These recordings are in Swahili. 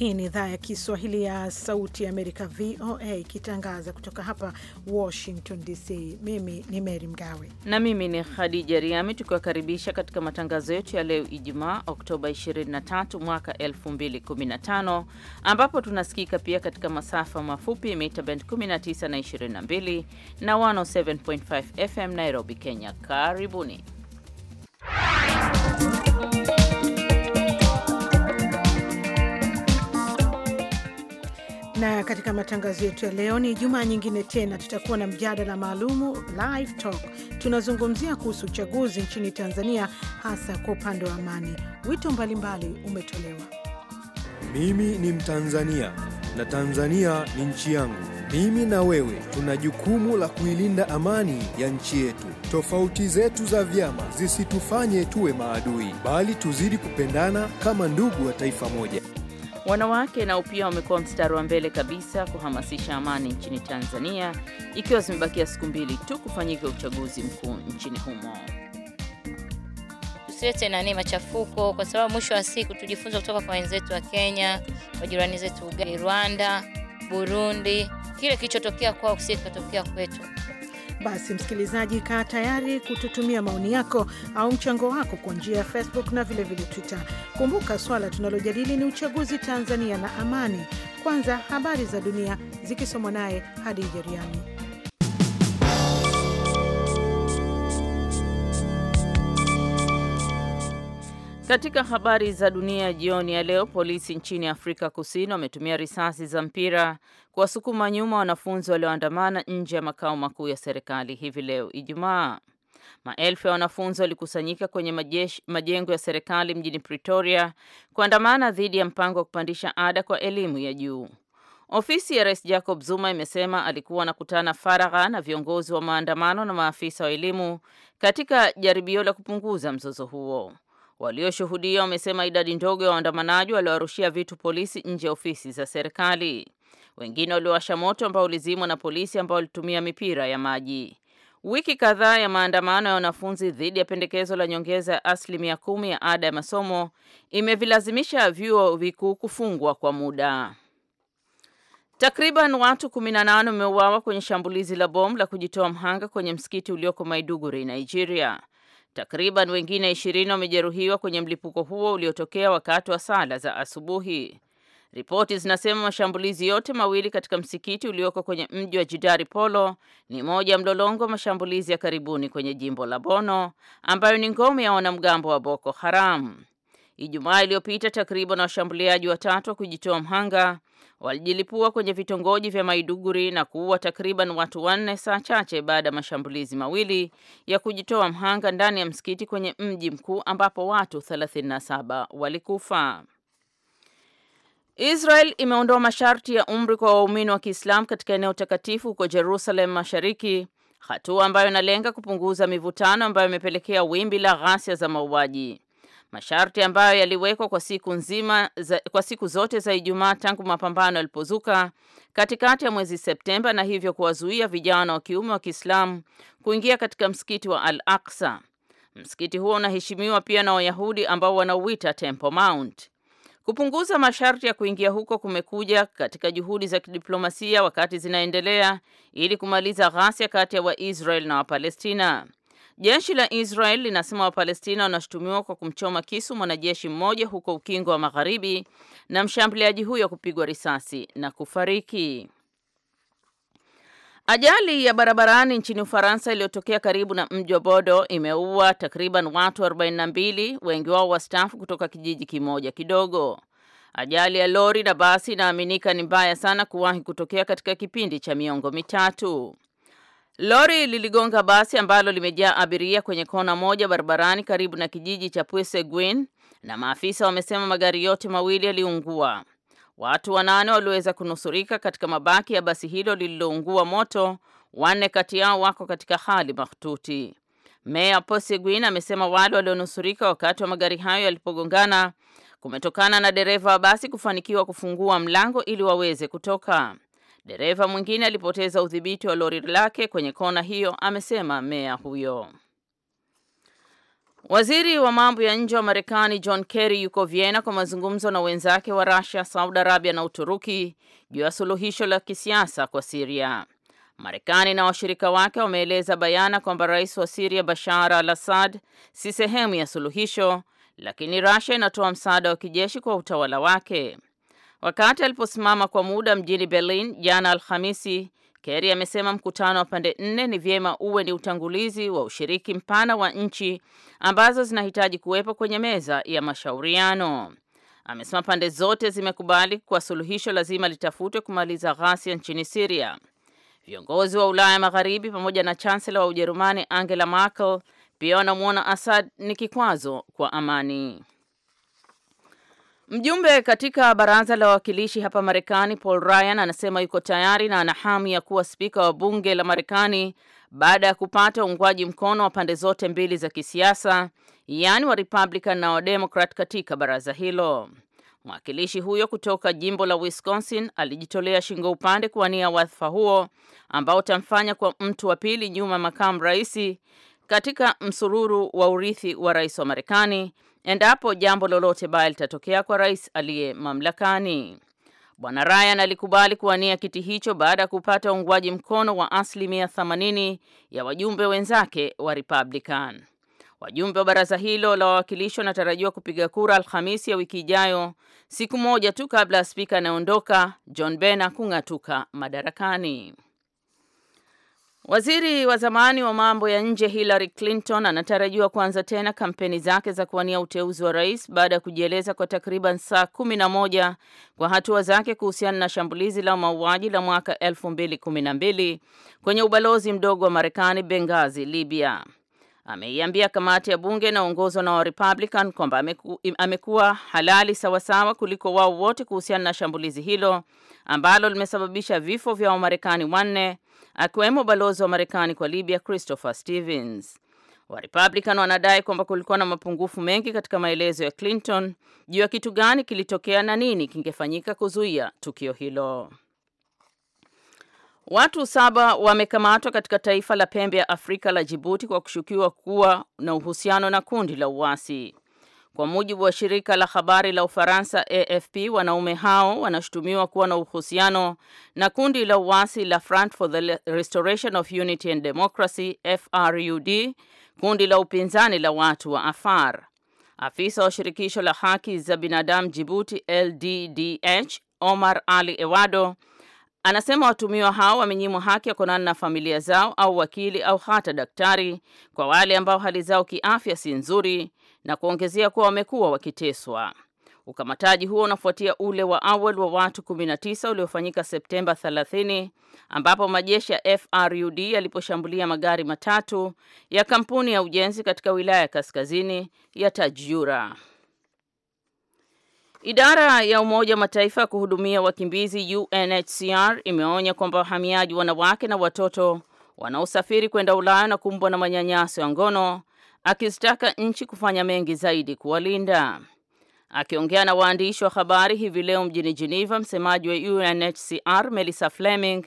Hii ni idhaa ya Kiswahili ya Sauti ya Amerika, VOA, ikitangaza kutoka hapa Washington DC. Mimi ni Meri Mgawe na mimi ni Khadija Riami, tukiwakaribisha katika matangazo yetu ya leo Ijumaa, Oktoba 23 mwaka 2015, ambapo tunasikika pia katika masafa mafupi mita bend 19 na 22 na 107.5 FM Nairobi, Kenya. Karibuni na katika matangazo yetu ya leo ni Jumaa nyingine tena, tutakuwa na mjadala maalumu live talk. Tunazungumzia kuhusu uchaguzi nchini Tanzania, hasa kwa upande wa amani. Wito mbalimbali mbali umetolewa. Mimi ni Mtanzania na Tanzania ni nchi yangu. Mimi na wewe tuna jukumu la kuilinda amani ya nchi yetu. Tofauti zetu za vyama zisitufanye tuwe maadui, bali tuzidi kupendana kama ndugu wa taifa moja. Wanawake nao pia wamekuwa mstari wa mbele kabisa kuhamasisha amani nchini Tanzania, ikiwa zimebakia siku mbili tu kufanyika uchaguzi mkuu nchini humo. Tusilete nani machafuko, kwa sababu mwisho wa siku tujifunze kutoka kwa wenzetu wa Kenya, kwa jirani zetu Uganda, Rwanda, Burundi. Kile kilichotokea kwao kisije kikatokea kwetu. Basi msikilizaji, kaa tayari kututumia maoni yako au mchango wako kwa njia ya Facebook na vilevile vile Twitter. Kumbuka swala tunalojadili ni uchaguzi Tanzania na amani. Kwanza habari za dunia zikisomwa naye Hadija Riami. Katika habari za dunia jioni ya leo, polisi nchini Afrika Kusini wametumia risasi za mpira kuwasukuma nyuma wanafunzi walioandamana nje ya makao makuu ya serikali hivi leo Ijumaa. Maelfu ya wanafunzi walikusanyika kwenye majesh, majengo ya serikali mjini Pretoria kuandamana dhidi ya mpango wa kupandisha ada kwa elimu ya juu. Ofisi ya Rais Jacob Zuma imesema alikuwa anakutana faragha na viongozi wa maandamano na maafisa wa elimu katika jaribio la kupunguza mzozo huo. Walioshuhudia wamesema idadi ndogo ya waandamanaji waliwarushia vitu polisi nje ya ofisi za serikali. Wengine waliwasha moto ambao ulizimwa na polisi ambao walitumia mipira ya maji. Wiki kadhaa ya maandamano ya wanafunzi dhidi ya pendekezo la nyongeza ya asilimia kumi ya ada ya masomo imevilazimisha vyuo vikuu kufungwa kwa muda. Takriban watu 18 wameuawa kwenye shambulizi la bomu la kujitoa mhanga kwenye msikiti ulioko Maiduguri, Nigeria. Takriban wengine ishirini wamejeruhiwa kwenye mlipuko huo uliotokea wakati wa sala za asubuhi. Ripoti zinasema mashambulizi yote mawili katika msikiti ulioko kwenye mji wa Jidari Polo ni moja ya mlolongo wa mashambulizi ya karibuni kwenye jimbo la Bono ambayo ni ngome ya wanamgambo wa Boko Haram. Ijumaa iliyopita takriban washambuliaji watatu wa kujitoa mhanga walijilipua kwenye vitongoji vya Maiduguri na kuua takriban watu wanne saa chache baada ya mashambulizi mawili ya kujitoa mhanga ndani ya msikiti kwenye mji mkuu ambapo watu 37 walikufa. Israel imeondoa masharti ya umri kwa waumini wa Kiislamu katika eneo takatifu huko Jerusalem Mashariki, hatua ambayo inalenga kupunguza mivutano ambayo imepelekea wimbi la ghasia za mauaji. Masharti ambayo yaliwekwa kwa siku nzima za, kwa siku zote za Ijumaa tangu mapambano yalipozuka katikati ya mwezi Septemba na hivyo kuwazuia vijana wa kiume wa Kiislamu kuingia katika msikiti wa Al-Aqsa. Msikiti huo unaheshimiwa pia na Wayahudi ambao wanauita Temple Mount. Kupunguza masharti ya kuingia huko kumekuja katika juhudi za kidiplomasia wakati zinaendelea ili kumaliza ghasia kati ya Waisrael na Wapalestina. Jeshi la Israel linasema Wapalestina wanashutumiwa kwa kumchoma kisu mwanajeshi mmoja huko Ukingo wa Magharibi na mshambuliaji huyo kupigwa risasi na kufariki. Ajali ya barabarani nchini Ufaransa iliyotokea karibu na mji wa Bodo imeua takriban watu 42, wengi wao wastaafu kutoka kijiji kimoja kidogo. Ajali ya lori na basi inaaminika ni mbaya sana kuwahi kutokea katika kipindi cha miongo mitatu. Lori liligonga basi ambalo limejaa abiria kwenye kona moja barabarani karibu na kijiji cha Pueseguin na maafisa wamesema magari yote mawili yaliungua. Watu wanane waliweza kunusurika katika mabaki ya basi hilo lililoungua moto, wanne kati yao wako katika hali mahututi. Meya Poseguin amesema wale walionusurika wakati wa magari hayo yalipogongana kumetokana na dereva wa basi kufanikiwa kufungua mlango ili waweze kutoka. Dereva mwingine alipoteza udhibiti wa lori lake kwenye kona hiyo, amesema meya huyo. Waziri wa mambo ya nje wa Marekani John Kerry yuko Vienna kwa mazungumzo na wenzake wa Russia, Saudi Arabia na Uturuki juu ya suluhisho la kisiasa kwa Syria. Marekani na washirika wake wameeleza bayana kwamba rais wa Syria Bashar al-Assad si sehemu ya suluhisho, lakini Russia inatoa msaada wa kijeshi kwa utawala wake. Wakati aliposimama kwa muda mjini Berlin jana Alhamisi, Kerry amesema mkutano wa pande nne ni vyema uwe ni utangulizi wa ushiriki mpana wa nchi ambazo zinahitaji kuwepo kwenye meza ya mashauriano. Amesema pande zote zimekubali kwa suluhisho lazima litafutwe kumaliza ghasia nchini Syria. Viongozi wa Ulaya Magharibi pamoja na Chancellor wa Ujerumani Angela Merkel pia wanamuona Assad ni kikwazo kwa amani. Mjumbe katika baraza la wawakilishi hapa Marekani Paul Ryan anasema yuko tayari na ana hamu ya kuwa spika wa bunge la Marekani baada ya kupata uungwaji mkono wa pande zote mbili za kisiasa, yaani wa Republican na wa Democrat katika baraza hilo. Mwakilishi huyo kutoka jimbo la Wisconsin alijitolea shingo upande kuwania wadhifa huo ambao utamfanya kwa mtu wa pili nyuma makamu raisi katika msururu wa urithi wa rais wa Marekani endapo jambo lolote baya litatokea kwa rais aliye mamlakani. Bwana Ryan alikubali kuwania kiti hicho baada ya kupata uungwaji mkono wa asilimia 80 ya wajumbe wenzake wa Republican. Wajumbe wa baraza hilo la wawakilishi wanatarajiwa kupiga kura Alhamisi ya wiki ijayo, siku moja tu kabla ya spika anayeondoka John Bena kung'atuka madarakani. Waziri wa zamani wa mambo ya nje Hillary Clinton anatarajiwa kuanza tena kampeni zake za kuwania uteuzi wa rais baada ya kujieleza kwa takriban saa kumi na moja kwa hatua zake kuhusiana na shambulizi la mauaji la mwaka 2012 kwenye ubalozi mdogo wa Marekani Benghazi, Libya. Ameiambia kamati ya bunge inaongozwa na Warepublican kwamba ameku, amekuwa halali sawasawa kuliko wao wote kuhusiana na shambulizi hilo ambalo limesababisha vifo vya Wamarekani wanne akiwemo balozi wa Marekani kwa Libya Christopher Stevens. Warepublican wanadai kwamba kulikuwa na mapungufu mengi katika maelezo ya Clinton juu ya kitu gani kilitokea na nini kingefanyika kuzuia tukio hilo. Watu saba wamekamatwa katika taifa la pembe ya Afrika la Jibuti kwa kushukiwa kuwa na uhusiano na kundi la uasi. Kwa mujibu wa shirika la habari la Ufaransa AFP, wanaume hao wanashutumiwa kuwa na uhusiano na kundi la uasi la Front for the Restoration of Unity and Democracy FRUD, kundi la upinzani la watu wa Afar. Afisa wa shirikisho la haki za binadamu Djibouti LDDH, Omar Ali Ewado, anasema watumiwa hao wamenyimwa haki ya kuonana na familia zao au wakili au hata daktari kwa wale ambao hali zao kiafya si nzuri na kuongezea kuwa wamekuwa wakiteswa. Ukamataji huo unafuatia ule wa awali wa watu 19 uliofanyika Septemba 30 ambapo majeshi ya FRUD yaliposhambulia magari matatu ya kampuni ya ujenzi katika wilaya ya kaskazini ya Tajura. Idara ya Umoja wa Mataifa ya kuhudumia wakimbizi UNHCR imeonya kwamba wahamiaji wanawake na watoto wanaosafiri kwenda Ulaya na kumbwa na manyanyaso ya ngono akizitaka nchi kufanya mengi zaidi kuwalinda. Akiongea na waandishi wa habari hivi leo mjini Geneva, msemaji wa UNHCR Melissa Fleming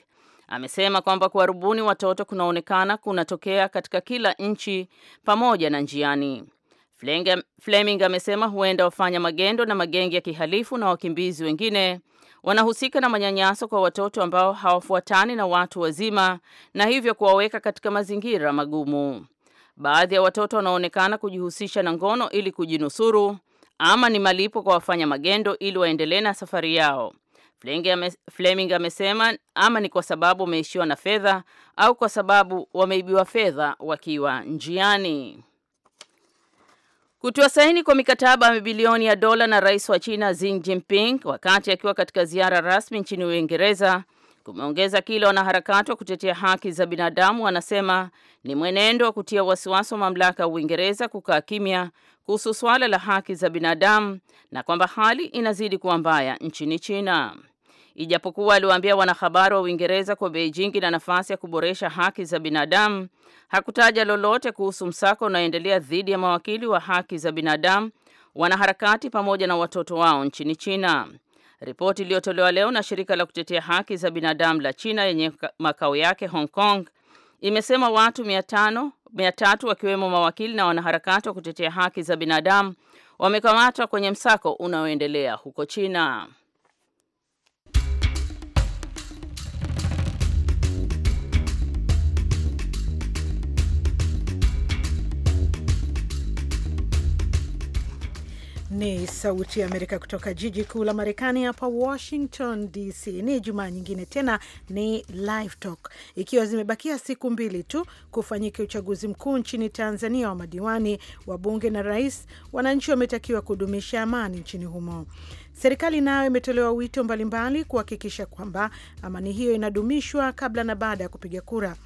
amesema kwamba kuwarubuni watoto kunaonekana kunatokea katika kila nchi pamoja na njiani. Fleming amesema huenda wafanya magendo na magengi ya kihalifu na wakimbizi wengine wanahusika na manyanyaso kwa watoto ambao hawafuatani na watu wazima na hivyo kuwaweka katika mazingira magumu. Baadhi ya watoto wanaonekana kujihusisha na ngono ili kujinusuru ama ni malipo kwa wafanya magendo ili waendelee na safari yao. Fleming amesema ama ni kwa sababu wameishiwa na fedha au kwa sababu wameibiwa fedha wakiwa njiani. Kutia saini kwa mikataba ya mabilioni ya dola na rais wa China Xi Jinping wakati akiwa katika ziara rasmi nchini Uingereza kumeongeza kile wanaharakati wa kutetea haki za binadamu wanasema ni mwenendo wa kutia wasiwasi wa mamlaka ya Uingereza kukaa kimya kuhusu suala la haki za binadamu na kwamba hali inazidi kuwa mbaya nchini China. Ijapokuwa aliwaambia wanahabari wa Uingereza kwa Beijing na nafasi ya kuboresha haki za binadamu, hakutaja lolote kuhusu msako unaoendelea dhidi ya mawakili wa haki za binadamu, wanaharakati pamoja na watoto wao nchini China. Ripoti iliyotolewa leo na shirika la kutetea haki za binadamu la China yenye makao yake Hong Kong imesema watu mia 300 wakiwemo mawakili na wanaharakati wa kutetea haki za binadamu wamekamatwa kwenye msako unaoendelea huko China. Ni Sauti ya Amerika kutoka jiji kuu la Marekani, hapa Washington DC. Ni Jumaa nyingine tena, ni Live Talk, ikiwa zimebakia siku mbili tu kufanyika uchaguzi mkuu nchini Tanzania wa madiwani, wa bunge na rais. Wananchi wametakiwa kudumisha amani nchini humo. Serikali nayo imetolewa wito mbalimbali kuhakikisha kwamba amani hiyo inadumishwa kabla na baada ya kupiga kura.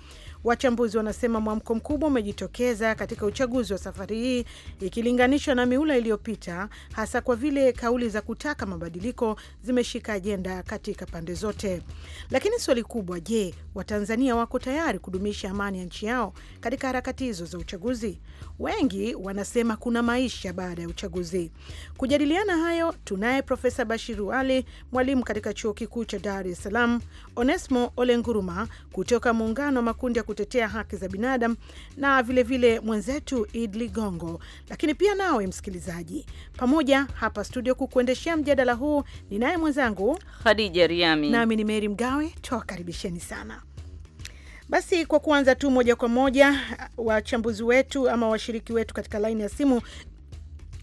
Wachambuzi wanasema mwamko mkubwa umejitokeza katika uchaguzi wa safari hii ikilinganishwa na miula iliyopita, hasa kwa vile kauli za kutaka mabadiliko zimeshika ajenda katika pande zote. Lakini swali kubwa, je, Watanzania wako tayari kudumisha amani ya nchi yao katika harakati hizo za uchaguzi? Wengi wanasema kuna maisha baada ya uchaguzi. Kujadiliana hayo tunaye Profesa Bashiru Ali, mwalimu katika chuo kikuu cha Dar es Salaam, Onesmo Olenguruma kutoka muungano wa makundi ya kutetea haki za binadamu na vilevile vile mwenzetu Id Ligongo, lakini pia nawe msikilizaji. Pamoja hapa studio kukuendeshea mjadala huu ni naye mwenzangu Khadija Riami, nami ni Meri Mgawe. Tuwakaribisheni sana. Basi kwa kuanza tu moja kwa moja, wachambuzi wetu ama washiriki wetu katika laini ya simu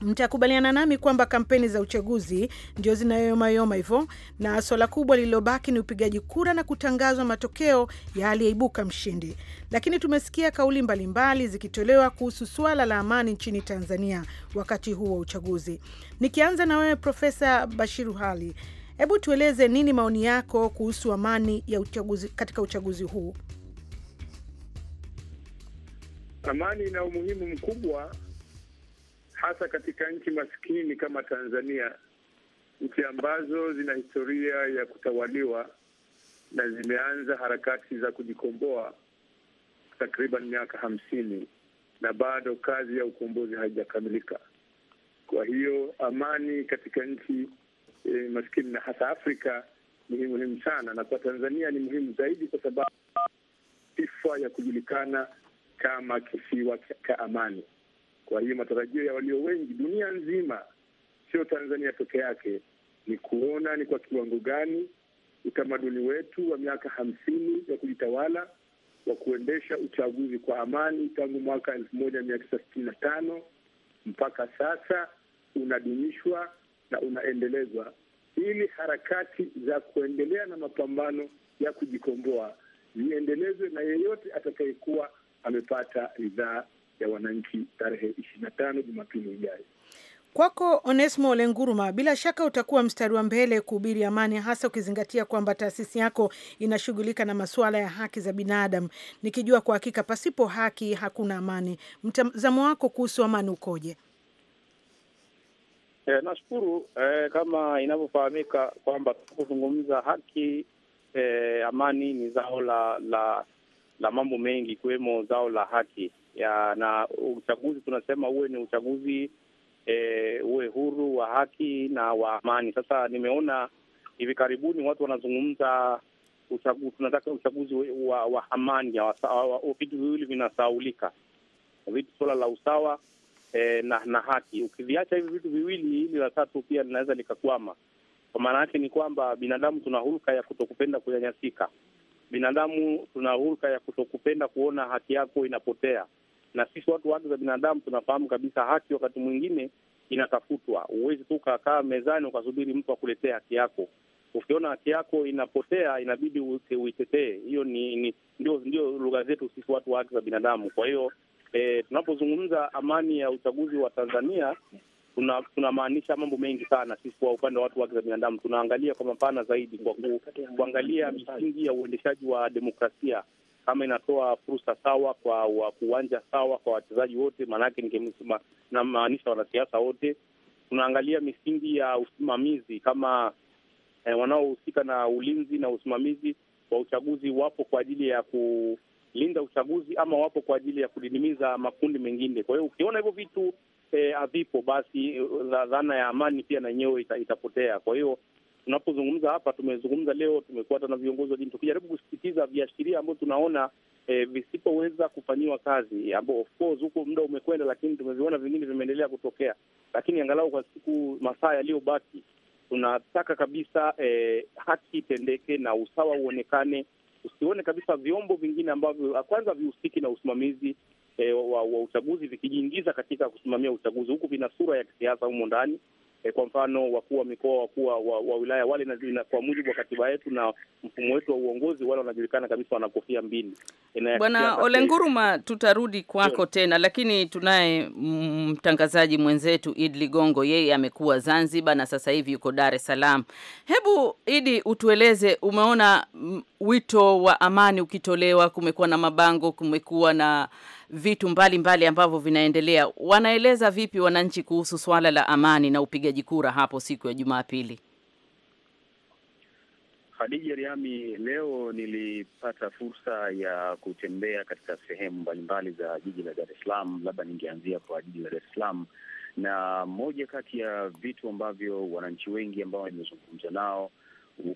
Mtakubaliana nami kwamba kampeni za uchaguzi ndio zinayoyomayoma hivyo, na swala kubwa lililobaki ni upigaji kura na kutangazwa matokeo ya aliyeibuka mshindi. Lakini tumesikia kauli mbalimbali mbali zikitolewa kuhusu swala la amani nchini Tanzania wakati huu wa uchaguzi. Nikianza na wewe Profesa Bashiru Hali, hebu tueleze nini maoni yako kuhusu amani ya uchaguzi katika uchaguzi huu? Amani ina umuhimu mkubwa hasa katika nchi maskini kama Tanzania, nchi ambazo zina historia ya kutawaliwa na zimeanza harakati za kujikomboa takriban miaka hamsini na bado kazi ya ukombozi haijakamilika. Kwa hiyo amani katika nchi e, maskini na hasa Afrika ni muhimu sana, na kwa Tanzania ni muhimu zaidi, kwa sababu sifa ya kujulikana kama kisiwa cha amani. Kwa hiyo matarajio ya walio wengi dunia nzima, sio Tanzania peke yake, ni kuona ni kwa kiwango gani utamaduni wetu wa miaka hamsini ya kujitawala wa kuendesha uchaguzi kwa amani tangu mwaka elfu moja mia tisa sitini na tano mpaka sasa unadumishwa na unaendelezwa, ili harakati za kuendelea na mapambano ya kujikomboa ziendelezwe na yeyote atakayekuwa amepata ridhaa ya wananchi tarehe ishirini na tano Jumapili ijayo. Kwako Onesmo lenguruma bila shaka utakuwa mstari wa mbele kuhubiri amani, hasa ukizingatia kwamba taasisi yako inashughulika na masuala ya haki za binadamu, nikijua kwa hakika pasipo haki hakuna amani. Mtazamo wako kuhusu amani ukoje? E, nashukuru. E, kama inavyofahamika kwamba tunapozungumza haki, e, amani ni zao la la, la mambo mengi ikiwemo zao la haki ya, na uchaguzi tunasema uwe ni uchaguzi e, uwe huru wa haki na wa amani. Sasa nimeona hivi karibuni watu wanazungumza uchaguzi, tunataka uchaguzi wa, wa amani. Vitu viwili vinasaulika, vitu suala la usawa e, na, na haki. Ukiviacha hivi vitu viwili, hili la tatu pia linaweza likakwama. Kwa maana yake ni kwamba binadamu tuna hulka ya kutokupenda kunyanyasika binadamu tuna hulka ya kutokupenda kuona haki yako inapotea na sisi watu wa haki za binadamu tunafahamu kabisa haki wakati mwingine inatafutwa. Huwezi tu ukakaa mezani ukasubiri mtu akuletee haki yako. Ukiona haki yako inapotea, inabidi uitetee. Hiyo ni, ni ndio, ndio lugha zetu sisi watu wa haki za binadamu. Kwa hiyo e, tunapozungumza amani ya uchaguzi wa Tanzania tunamaanisha tuna mambo mengi sana. Sisi kwa upande wa watu wa haki za binadamu tunaangalia kwa mapana zaidi, kwa ku, kuangalia misingi ya uendeshaji wa demokrasia kama inatoa fursa sawa kwa uwanja sawa kwa wachezaji wote, maanake namaanisha wanasiasa wote. Tunaangalia misingi ya usimamizi kama eh, wanaohusika na ulinzi na usimamizi wa uchaguzi wapo kwa ajili ya kulinda uchaguzi ama wapo kwa ajili ya kudidimiza makundi mengine. Kwa hiyo ukiona hivyo vitu eh, havipo, eh, basi dhana ya amani pia na yenyewe itapotea. Kwa hiyo tunapozungumza hapa, tumezungumza leo, tumekuata na viongozi wa dini tukijaribu kusisitiza viashiria ambavyo tunaona e, visipoweza kufanyiwa kazi, ambao of course huko muda umekwenda, lakini tumeviona vingine vimeendelea kutokea, lakini angalau kwa siku masaa yaliyobaki tunataka kabisa e, haki itendeke na usawa uonekane, usione kabisa vyombo vingine ambavyo ah, kwanza vihusiki na usimamizi e, wa, wa uchaguzi vikijiingiza katika kusimamia uchaguzi huku vina sura ya kisiasa humo ndani e, kwa mfano wakuu wa mikoa, wakuu wa, wa wilaya wale na, kwa mujibu wa katiba yetu na mfumo wetu wa uongozi wale wanajulikana kabisa, wana kofia mbili. Eh, Bwana Olenguruma, tutarudi kwako yeah, tena lakini tunaye mtangazaji mwenzetu Idi Ligongo, yeye amekuwa Zanzibar na sasa hivi yuko Dar es Salaam. Hebu Idi, utueleze umeona wito wa amani ukitolewa, kumekuwa na mabango, kumekuwa na vitu mbalimbali ambavyo vinaendelea. Wanaeleza vipi wananchi kuhusu swala la amani na upigaji kura hapo siku ya Jumapili? Hadija Riami, leo nilipata fursa ya kutembea katika sehemu mbalimbali za jiji la Dar es Salaam. Labda ningeanzia kwa jiji la Dar es Salaam, na moja kati ya vitu ambavyo wananchi wengi ambao nimezungumza nao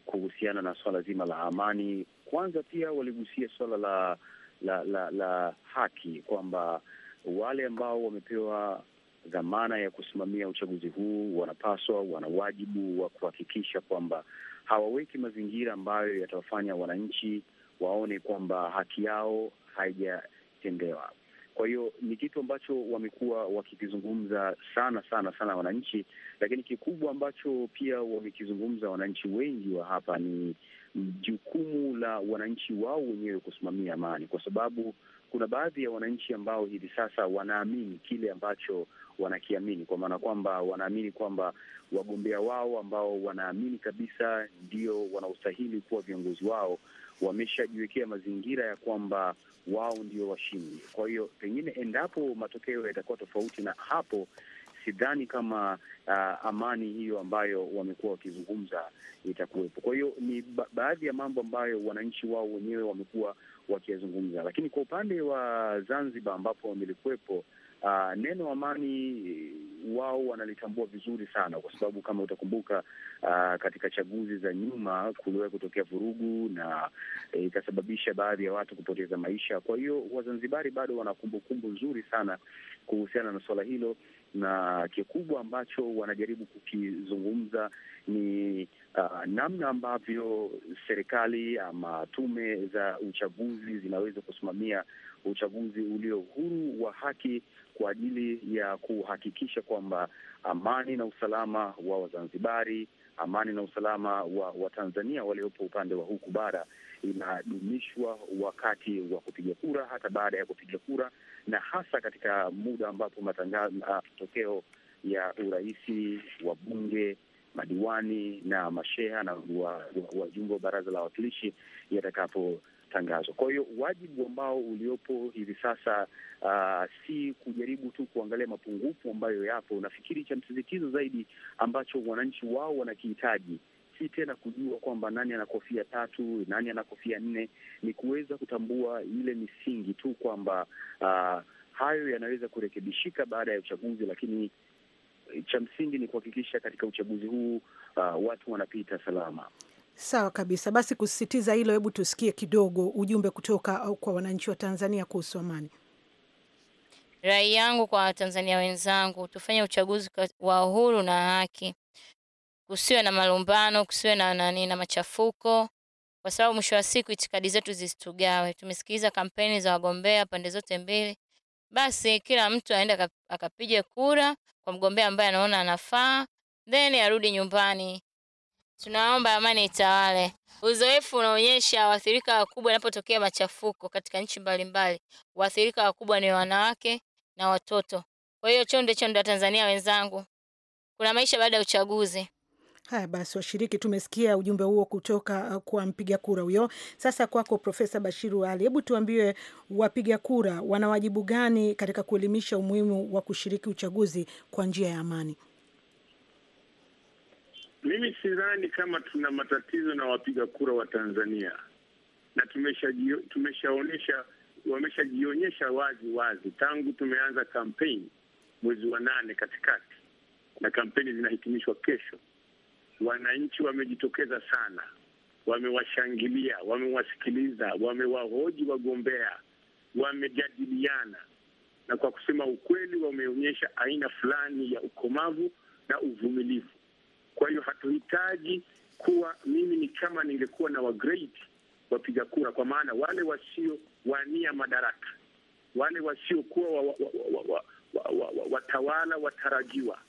kuhusiana na swala zima la amani, kwanza pia waligusia swala la la, la, la haki kwamba wale ambao wamepewa dhamana ya kusimamia uchaguzi huu wanapaswa, wana wajibu wa kuhakikisha kwamba hawaweki mazingira ambayo yatawafanya wananchi waone kwamba haki yao haijatendewa. Kwa hiyo ni kitu ambacho wamekuwa wakikizungumza sana sana sana wananchi, lakini kikubwa ambacho pia wamekizungumza wananchi wengi wa hapa ni jukumu la wananchi wao wenyewe kusimamia amani, kwa sababu kuna baadhi ya wananchi ambao hivi sasa wanaamini kile ambacho wanakiamini, kwa maana kwamba wanaamini kwamba wagombea wao ambao wanaamini kabisa ndio wanaostahili kuwa viongozi wao wameshajiwekea mazingira ya kwamba wao ndio washindi. Kwa hiyo pengine endapo matokeo yatakuwa tofauti na hapo sidhani kama uh, amani hiyo ambayo wamekuwa wakizungumza itakuwepo. Kwa hiyo ni ba baadhi ya mambo ambayo wananchi wao wenyewe wamekuwa wakiyazungumza, lakini kwa upande wa Zanzibar ambapo nilikuwepo Uh, neno amani uh, wao wanalitambua vizuri sana kwa sababu kama utakumbuka, uh, katika chaguzi za nyuma kuliwahi kutokea vurugu na uh, ikasababisha baadhi ya watu kupoteza maisha. Kwa hiyo Wazanzibari bado wana kumbukumbu nzuri sana kuhusiana na suala hilo, na kikubwa ambacho wanajaribu kukizungumza ni uh, namna ambavyo serikali ama tume za uchaguzi zinaweza kusimamia uchaguzi ulio huru wa haki kwa ajili ya kuhakikisha kwamba amani na usalama wa Wazanzibari, amani na usalama wa Watanzania waliopo upande wa huku bara inadumishwa wakati wa kupiga kura, hata baada ya kupiga kura, na hasa katika muda ambapo ah, matokeo ya uraisi, bunge madiwani na masheha na wajumbe wa baraza la wawakilishi yatakapo tangazo. Kwa hiyo wajibu ambao uliopo hivi sasa uh, si kujaribu tu kuangalia mapungufu ambayo yapo. Nafikiri cha msisitizo zaidi ambacho wananchi wao wanakihitaji si tena kujua kwamba nani ana kofia tatu, nani ana kofia nne, ni kuweza kutambua ile misingi tu kwamba uh, hayo yanaweza kurekebishika baada ya uchaguzi, lakini cha msingi ni kuhakikisha katika uchaguzi huu uh, watu wanapita salama. Sawa kabisa. Basi kusisitiza hilo, hebu tusikie kidogo ujumbe kutoka au kwa wananchi wa Tanzania kuhusu amani. Rai yangu kwa Watanzania wenzangu, tufanye uchaguzi wa uhuru na haki kusiwe na malumbano, kusiwe na nani na machafuko, kwa sababu mwisho wa siku itikadi zetu zisitugawe. Tumesikiliza kampeni za wagombea pande zote mbili, basi kila mtu aende akapige kura kwa mgombea ambaye anaona anafaa, then arudi nyumbani. Tunaomba amani itawale. Uzoefu unaonyesha waathirika wakubwa inapotokea machafuko katika nchi mbalimbali, waathirika wakubwa ni wanawake na watoto. Kwa hiyo chonde chonde, Watanzania wenzangu, kuna maisha baada ya uchaguzi. Haya basi, washiriki, tumesikia ujumbe huo kutoka uh, kwa mpiga kura huyo. Sasa kwako Profesa Bashiru Ali, hebu tuambie wapiga kura wana wajibu gani katika kuelimisha umuhimu wa kushiriki uchaguzi kwa njia ya amani? Mimi sidhani kama tuna matatizo na wapiga kura wa Tanzania, na tumeshaonyesha wameshajionyesha wazi wazi tangu tumeanza kampeni mwezi wa nane katikati, na kampeni zinahitimishwa kesho wananchi wamejitokeza sana, wamewashangilia, wamewasikiliza, wamewahoji wagombea, wamejadiliana, na kwa kusema ukweli, wameonyesha aina fulani ya ukomavu na uvumilivu. Kwa hiyo hatuhitaji kuwa, mimi ni kama ningekuwa na wagrade wapiga kura, kwa maana wale wasiowania madaraka, wale wasiokuwa watawala watarajiwa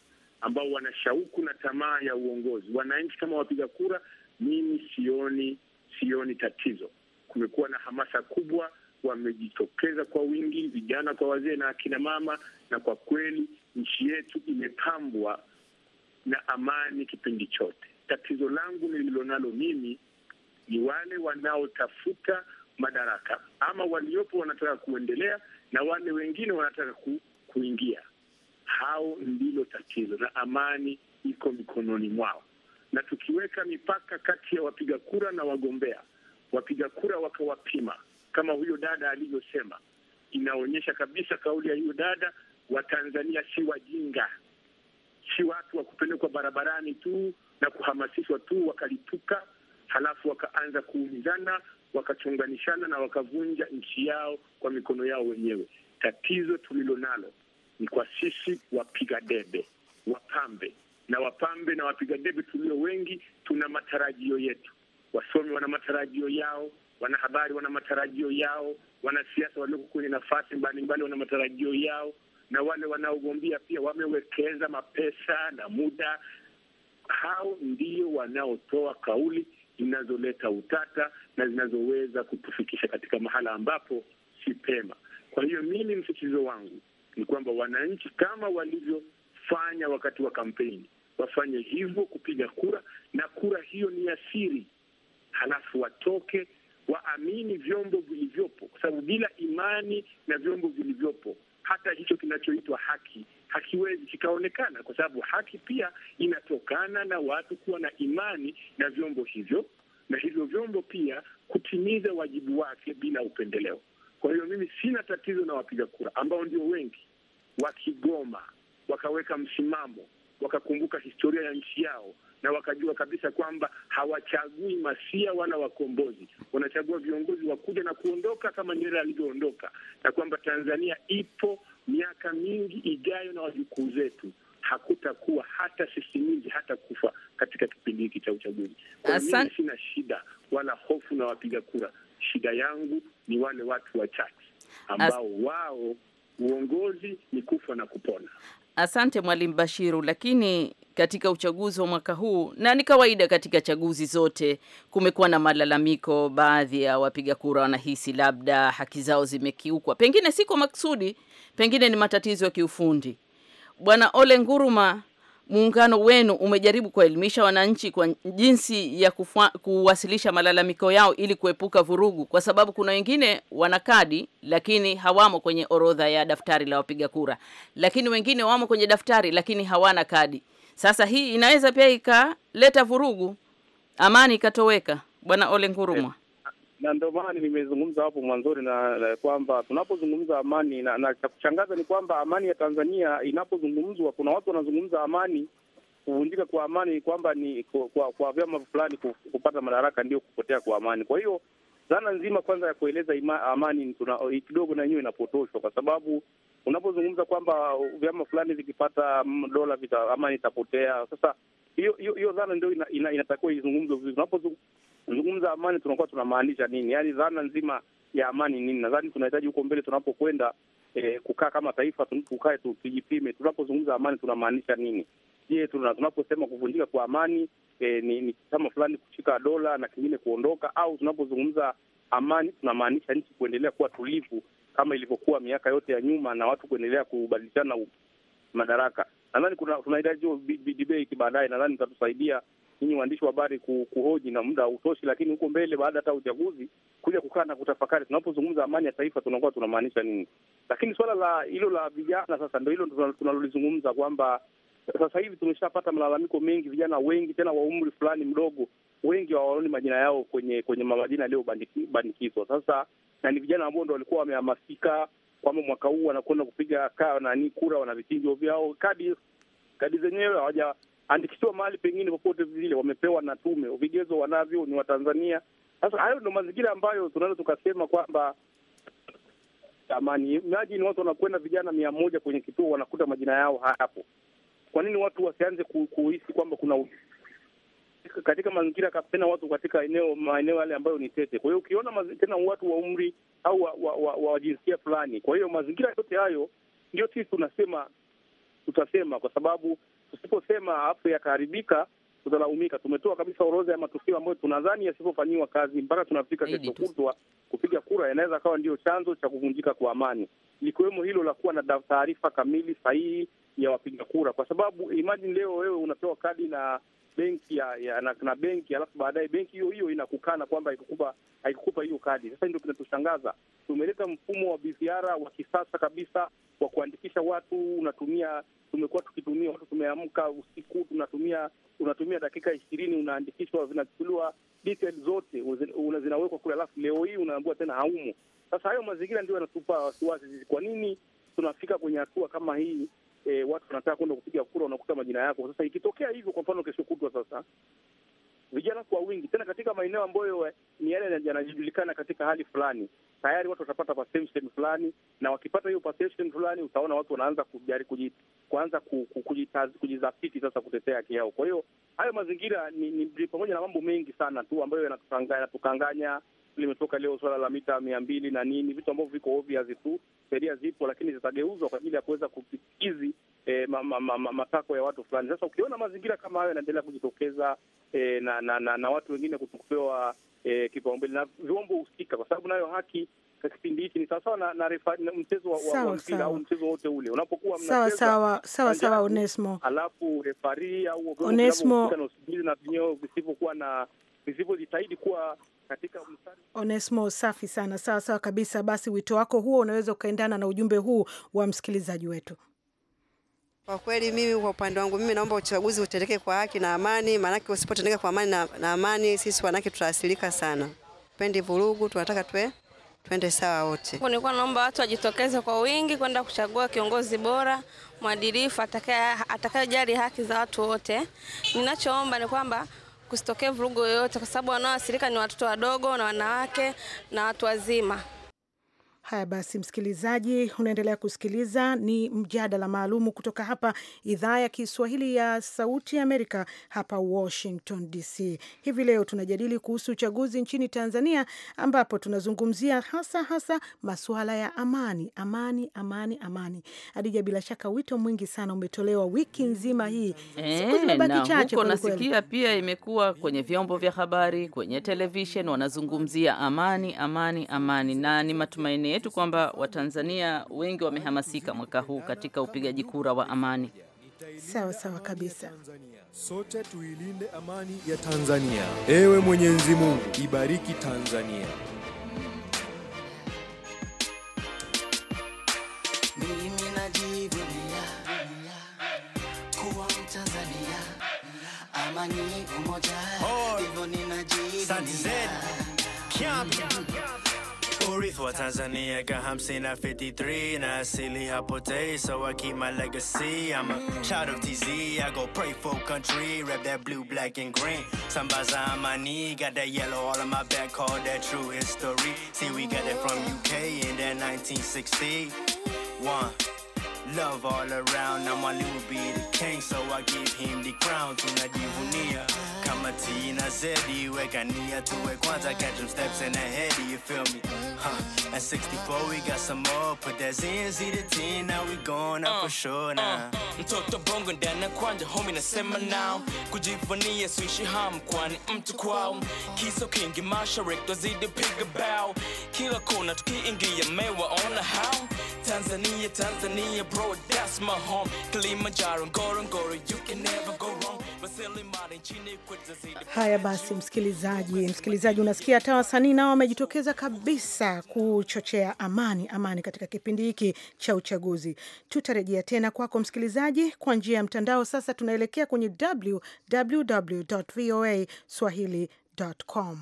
ambao wana shauku na tamaa ya uongozi. Wananchi kama wapiga kura, mimi sioni, sioni tatizo. Kumekuwa na hamasa kubwa, wamejitokeza kwa wingi, vijana kwa wazee na akina mama, na kwa kweli nchi yetu imepambwa na amani kipindi chote. Tatizo langu nililonalo mimi ni wale wanaotafuta madaraka, ama waliopo wanataka kuendelea na wale wengine wanataka ku, kuingia hao ndilo tatizo, na amani iko mikononi mwao. Na tukiweka mipaka kati ya wapiga kura na wagombea, wapiga kura wakawapima kama huyo dada alivyosema, inaonyesha kabisa kauli ya huyo dada, Watanzania si wajinga, si watu wa kupelekwa barabarani tu na kuhamasishwa tu wakalituka, halafu wakaanza kuumizana, wakachunganishana na wakavunja nchi yao kwa mikono yao wenyewe. Tatizo tulilonalo ni kwa sisi wapiga debe, wapambe na wapambe na wapiga debe tulio wengi, tuna matarajio yetu. Wasomi wana matarajio yao, wanahabari wana matarajio yao, wanasiasa walioko kwenye nafasi mbalimbali wana matarajio yao, na wale wanaogombea pia wamewekeza mapesa na muda. Hao ndio wanaotoa kauli zinazoleta utata na zinazoweza kutufikisha katika mahala ambapo si pema. Kwa hiyo mimi, msitizo wangu ni kwamba wananchi kama walivyofanya wakati wa kampeni wafanye hivyo kupiga kura, na kura hiyo ni ya siri, halafu watoke waamini vyombo vilivyopo, kwa sababu bila imani na vyombo vilivyopo hata hicho kinachoitwa haki hakiwezi kikaonekana, kwa sababu haki pia inatokana na watu kuwa na imani na vyombo hivyo, na hivyo vyombo pia kutimiza wajibu wake bila upendeleo. Kwa hiyo mimi sina tatizo na wapiga kura ambao ndio wengi, wakigoma wakaweka msimamo, wakakumbuka historia ya nchi yao na wakajua kabisa kwamba hawachagui masia wala wakombozi, wanachagua viongozi wa kuja na kuondoka kama Nyerere alivyoondoka, na kwamba Tanzania ipo miaka mingi ijayo na wajukuu zetu hakutakuwa hata sisi nyingi hata kufa katika kipindi hiki cha uchaguzi. Kwa mimi sina shida wala hofu na wapiga kura, shida yangu ni wale watu wachache ambao As... wao uongozi ni kufa na kupona. Asante Mwalimu Bashiru. Lakini katika uchaguzi wa mwaka huu, na ni kawaida katika chaguzi zote, kumekuwa na malalamiko. Baadhi ya wapiga kura wanahisi labda haki zao zimekiukwa, pengine si kwa maksudi, pengine ni matatizo ya kiufundi. Bwana Ole Nguruma, muungano wenu umejaribu kuwaelimisha wananchi kwa jinsi ya kufua, kuwasilisha malalamiko yao ili kuepuka vurugu, kwa sababu kuna wengine wana kadi lakini hawamo kwenye orodha ya daftari la wapiga kura, lakini wengine wamo kwenye daftari lakini hawana kadi. Sasa hii inaweza pia ikaleta vurugu, amani ikatoweka. Bwana Ole Ngurumwa na ndio maana nimezungumza hapo mwanzoni na, na kwamba tunapozungumza amani na, na cha kushangaza ni kwamba amani ya Tanzania inapozungumzwa, kuna watu wanazungumza amani, kuvunjika kwa amani ni kwamba ni kwa, kwa, kwa vyama fulani kupata madaraka ndio kupotea kwa amani. Kwa hiyo dhana nzima kwanza ya kueleza ima, amani kidogo na yenyewe inapotoshwa, kwa sababu unapozungumza kwamba vyama fulani vikipata dola vita amani itapotea. Sasa hiyo dhana ndio inatakiwa izungumzwe vizuri. Tunapozungumza amani, tunakuwa tunamaanisha nini? Yaani dhana nzima ya amani nini? Nadhani tunahitaji huko mbele tunapokwenda, eh, kukaa kama taifa, tukae tujipime, tunapozungumza amani tunamaanisha nini? Je, tunaposema kuvunjika kwa amani eh, ni, ni chama fulani kushika dola na kingine kuondoka, au tunapozungumza amani tunamaanisha nchi kuendelea kuwa tulivu kama ilivyokuwa miaka yote ya nyuma na watu kuendelea kubadilishana madaraka nadhani tunahitaji hiyo debate baadaye, nadhani itatusaidia nyinyi waandishi wa habari kuhoji na muda hautoshi, lakini huko mbele baada hata uchaguzi kuja kukaa na kutafakari, tunapozungumza amani ya taifa tunakuwa tunamaanisha nini. Lakini suala la hilo la vijana sasa ndo hilo tunalolizungumza kwamba sasa hivi tumeshapata malalamiko mengi, vijana wengi tena wa umri fulani mdogo, wengi hawaoni majina yao kwenye kwenye majina yaliyobandikizwa sasa, na ni vijana ambao ndo walikuwa wamehamasika kwamba mwaka huu wanakwenda kupiga kaa nani kura, wana vitinjo vyao, kadi kadi zenyewe hawajaandikishiwa mahali pengine popote vile, wamepewa na tume, vigezo wanavyo ni Watanzania. Sasa hayo ndo mazingira ambayo tunaweza tukasema kwamba amani. ni watu wanakwenda vijana mia moja kwenye kituo wanakuta majina yao hayapo Kwa nini watu wasianze kuhisi kwamba kuna katika mazingira kapena watu katika eneo maeneo yale ambayo ni tete. Kwa hiyo ukiona tena watu wa umri au wa, wa, wa, wa jinsia fulani. Kwa hiyo mazingira yote hayo ndio sisi tunasema tutasema, kwa sababu tusiposema afya yakaharibika tutalaumika. Tumetoa kabisa orodha ya matukio ambayo tunadhani yasipofanyiwa kazi mpaka tunafika kesho kutwa kupiga kura, yanaweza akawa ndio chanzo cha kuvunjika kwa amani, likiwemo hilo la kuwa na taarifa kamili sahihi ya wapiga kura, kwa sababu imagine leo wewe unapewa kadi na benki ya, ya na, na benki alafu baadaye benki hiyo hiyo inakukana kwamba haikukupa haikukupa hiyo kadi. Sasa ndio kinatushangaza. Tumeleta mfumo wa biziara wa kisasa kabisa wa kuandikisha watu, unatumia tumekuwa tukitumia watu, tumeamka usiku, tunatumia unatumia dakika ishirini, unaandikishwa, vinachukuliwa detail zote zinawekwa kule, alafu leo hii unaambiwa tena haumo. Sasa hayo mazingira ndio yanatupa wasiwasi. Kwa nini tunafika kwenye hatua kama hii e, watu wanataka kwenda kupiga kura, unakuta majina yako. Sasa ikitokea hivyo, kwa mfano kesho kutwa, sasa vijana kwa wingi tena katika maeneo ambayo eh, ni yale yanajulikana katika hali fulani, tayari watu watapata perception fulani, na wakipata hiyo perception fulani, utaona watu wanaanza kujaribu kuanza kujizafiti sasa kutetea haki yao. Kwa hiyo hayo mazingira ni, ni pamoja na mambo mengi sana tu ambayo yanatukanganya limetoka leo suala la mita mia mbili na nini, vitu ambavyo viko obvious tu. Sheria zipo, lakini zitageuzwa kwa ajili ya kuweza kukizi E, eh, matakwa ma, ma, ma, ya watu fulani. Sasa ukiona mazingira kama hayo yanaendelea kujitokeza e, na, na, na, na watu wengine kutokupewa e, kipaumbele na vyombo husika, kwa sababu nayo haki kipindi hiki ni sawasawa na, na, na mchezo wa mpira au mchezo wote ule unapokuwa sawa sawa sawa sawa. Onesmo, alafu refari au Onesmo na vinyo visivyokuwa na visivyojitahidi kuwa katika mstari. Onesmo, safi sana, sawa sawa kabisa. Basi wito wako huo unaweza ukaendana na ujumbe huu wa msikilizaji wetu. Kwa kweli mimi kwa upande wangu mimi naomba uchaguzi utendeke kwa haki na amani, maanake usipotendeka kwa amani na, na amani sisi wanawake tutaasilika sana. Tupendi vurugu, tunataka tuwe twende sawa wote. Nilikuwa naomba watu wajitokeze kwa wingi kwenda kuchagua kiongozi bora mwadilifu, atakayejali haki za watu wote. Ninachoomba ni kwamba kusitokee vurugu yoyote, kwa sababu wanaoathirika ni watoto wadogo na wanawake na watu wazima. Haya basi, msikilizaji, unaendelea kusikiliza ni mjadala maalumu kutoka hapa idhaa ya Kiswahili ya Sauti ya Amerika, hapa Washington DC. Hivi leo tunajadili kuhusu uchaguzi nchini Tanzania, ambapo tunazungumzia hasa hasa masuala ya amani, amani, amani, amani. Adija, bila shaka wito mwingi sana umetolewa wiki nzima hii, eh, siku zimebaki chache. Nasikia pia imekuwa kwenye vyombo vya habari, kwenye televishen wanazungumzia amani, amani, amani, na ni matumaini yetu kwamba Watanzania wengi wamehamasika mwaka huu katika upigaji kura wa amani. Sawa sawa kabisa, sote tuilinde amani ya Tanzania. Ewe Mwenyezi Mungu, ibariki Tanzania. For Tanzania got hamsini at 53 I see asili hapote so I keep my legacy I'm a child of TZ I go pray for country rap that blue black and green Sambaza on my knee got that yellow all on my back call that true history see we got that from UK in that 1961. Love all around, I'm a will be the king, so I give him the crown. Tunajivunia kama T na Z, weka nia tuwe kwanza, catch them steps in the head, you feel me? Huh. At 64 we got some more, put that Z to T, now we going out uh, for sure now. Uh, mtoto bongo ndana kwanja, homie nasema now, kujivunia suishi ham kwani mtu kwao, kiso kingi mashariki twazidi piga bao, kila kona tukiingia mewaona how Tanzania, Tanzania, bro, that's my home. Kilimanjaro, Ngorongoro, you can never go Haya basi, msikilizaji, msikilizaji, unasikia hata wasanii nao wamejitokeza kabisa kuchochea amani, amani katika kipindi hiki cha uchaguzi. Tutarejea tena kwako msikilizaji kwa njia ya mtandao. Sasa tunaelekea kwenye www voa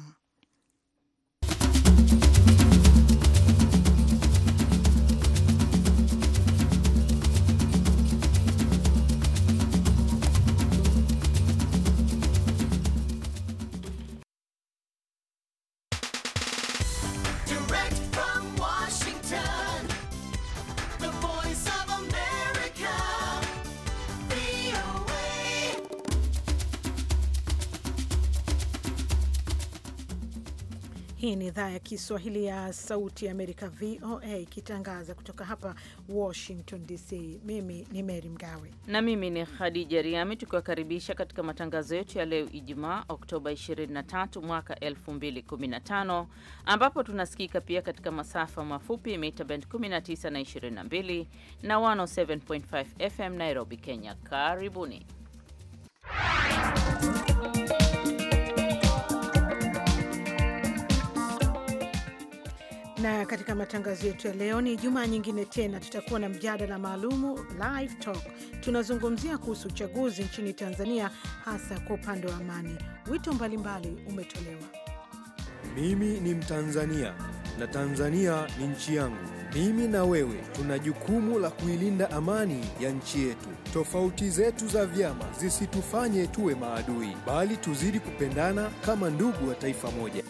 Hii ni idhaa ya Kiswahili ya Sauti ya Amerika, VOA, ikitangaza kutoka hapa Washington DC. Mimi ni Mary Mgawe na mimi ni Khadija Riami, tukiwakaribisha katika matangazo yetu ya leo Ijumaa, Oktoba 23 mwaka 2015, ambapo tunasikika pia katika masafa mafupi mita bend 19 na 22 na 107.5 FM Nairobi, Kenya. Karibuni na katika matangazo yetu ya leo ni Jumaa nyingine tena, tutakuwa na mjadala maalumu live talk. Tunazungumzia kuhusu uchaguzi nchini Tanzania, hasa kwa upande wa amani. Wito mbalimbali mbali umetolewa. Mimi ni Mtanzania na Tanzania ni nchi yangu. Mimi na wewe tuna jukumu la kuilinda amani ya nchi yetu. Tofauti zetu za vyama zisitufanye tuwe maadui, bali tuzidi kupendana kama ndugu wa taifa moja.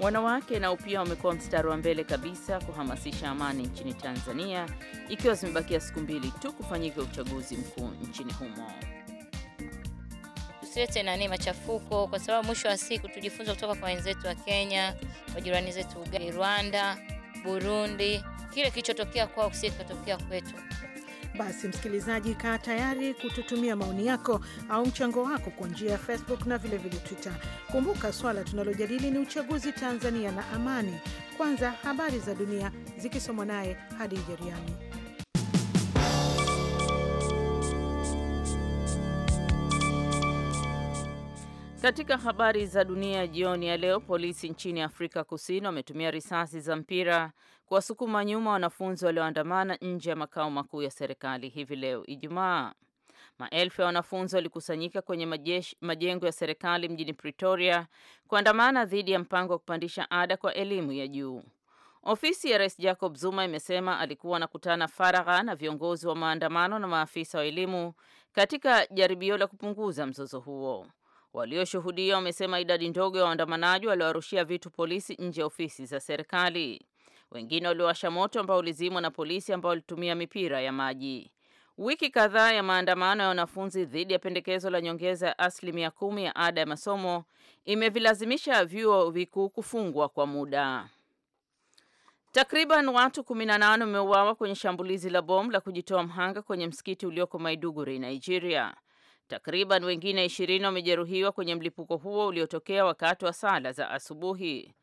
Wanawake nao pia wamekuwa mstari wa mbele kabisa kuhamasisha amani nchini Tanzania, ikiwa zimebakia siku mbili tu kufanyika uchaguzi mkuu nchini humo. Tusilete nani machafuko, kwa sababu mwisho wa siku tujifunza kutoka kwa wenzetu wa Kenya, kwa jirani zetu Uganda, Rwanda, Burundi. Kile kilichotokea kwao kisije kikatokea kwetu. Basi msikilizaji, kaa tayari kututumia maoni yako au mchango wako kwa njia ya Facebook na vilevile vile Twitter. Kumbuka swala tunalojadili ni uchaguzi Tanzania na amani. Kwanza habari za dunia zikisomwa naye Hadija Riami. Katika habari za dunia jioni ya leo, polisi nchini Afrika Kusini wametumia risasi za mpira kuwasukuma nyuma wanafunzi walioandamana nje ya makao makuu ya serikali hivi leo Ijumaa. Maelfu ya wanafunzi walikusanyika kwenye majesh, majengo ya serikali mjini Pretoria kuandamana dhidi ya mpango wa kupandisha ada kwa elimu ya juu. Ofisi ya Rais Jacob Zuma imesema alikuwa anakutana faragha na viongozi wa maandamano na maafisa wa elimu katika jaribio la kupunguza mzozo huo. Walioshuhudia wamesema idadi ndogo ya waandamanaji waliowarushia vitu polisi nje ya ofisi za serikali. Wengine waliowasha moto ambao ulizimwa na polisi ambao walitumia mipira ya maji. Wiki kadhaa ya maandamano ya wanafunzi dhidi ya pendekezo la nyongeza ya asilimia kumi ya ada ya masomo imevilazimisha vyuo vikuu kufungwa kwa muda. Takriban watu 18 wameuawa kwenye shambulizi la bomu la kujitoa mhanga kwenye msikiti ulioko Maiduguri, Nigeria. Takriban wengine 20 wamejeruhiwa kwenye mlipuko huo uliotokea wakati wa sala za asubuhi.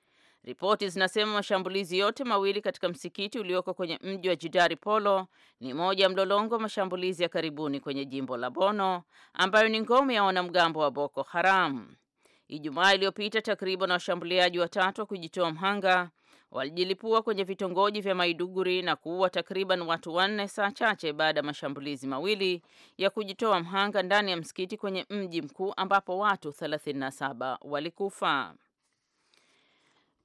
Ripoti zinasema mashambulizi yote mawili katika msikiti ulioko kwenye mji wa Jidari Polo ni moja ya mlolongo wa mashambulizi ya karibuni kwenye jimbo la Bono ambayo ni ngome ya wanamgambo wa Boko Haram. Ijumaa iliyopita takriban washambuliaji watatu wa kujitoa mhanga walijilipua kwenye vitongoji vya Maiduguri na kuua takriban watu wanne saa chache baada ya mashambulizi mawili ya kujitoa mhanga ndani ya msikiti kwenye mji mkuu ambapo watu 37 walikufa.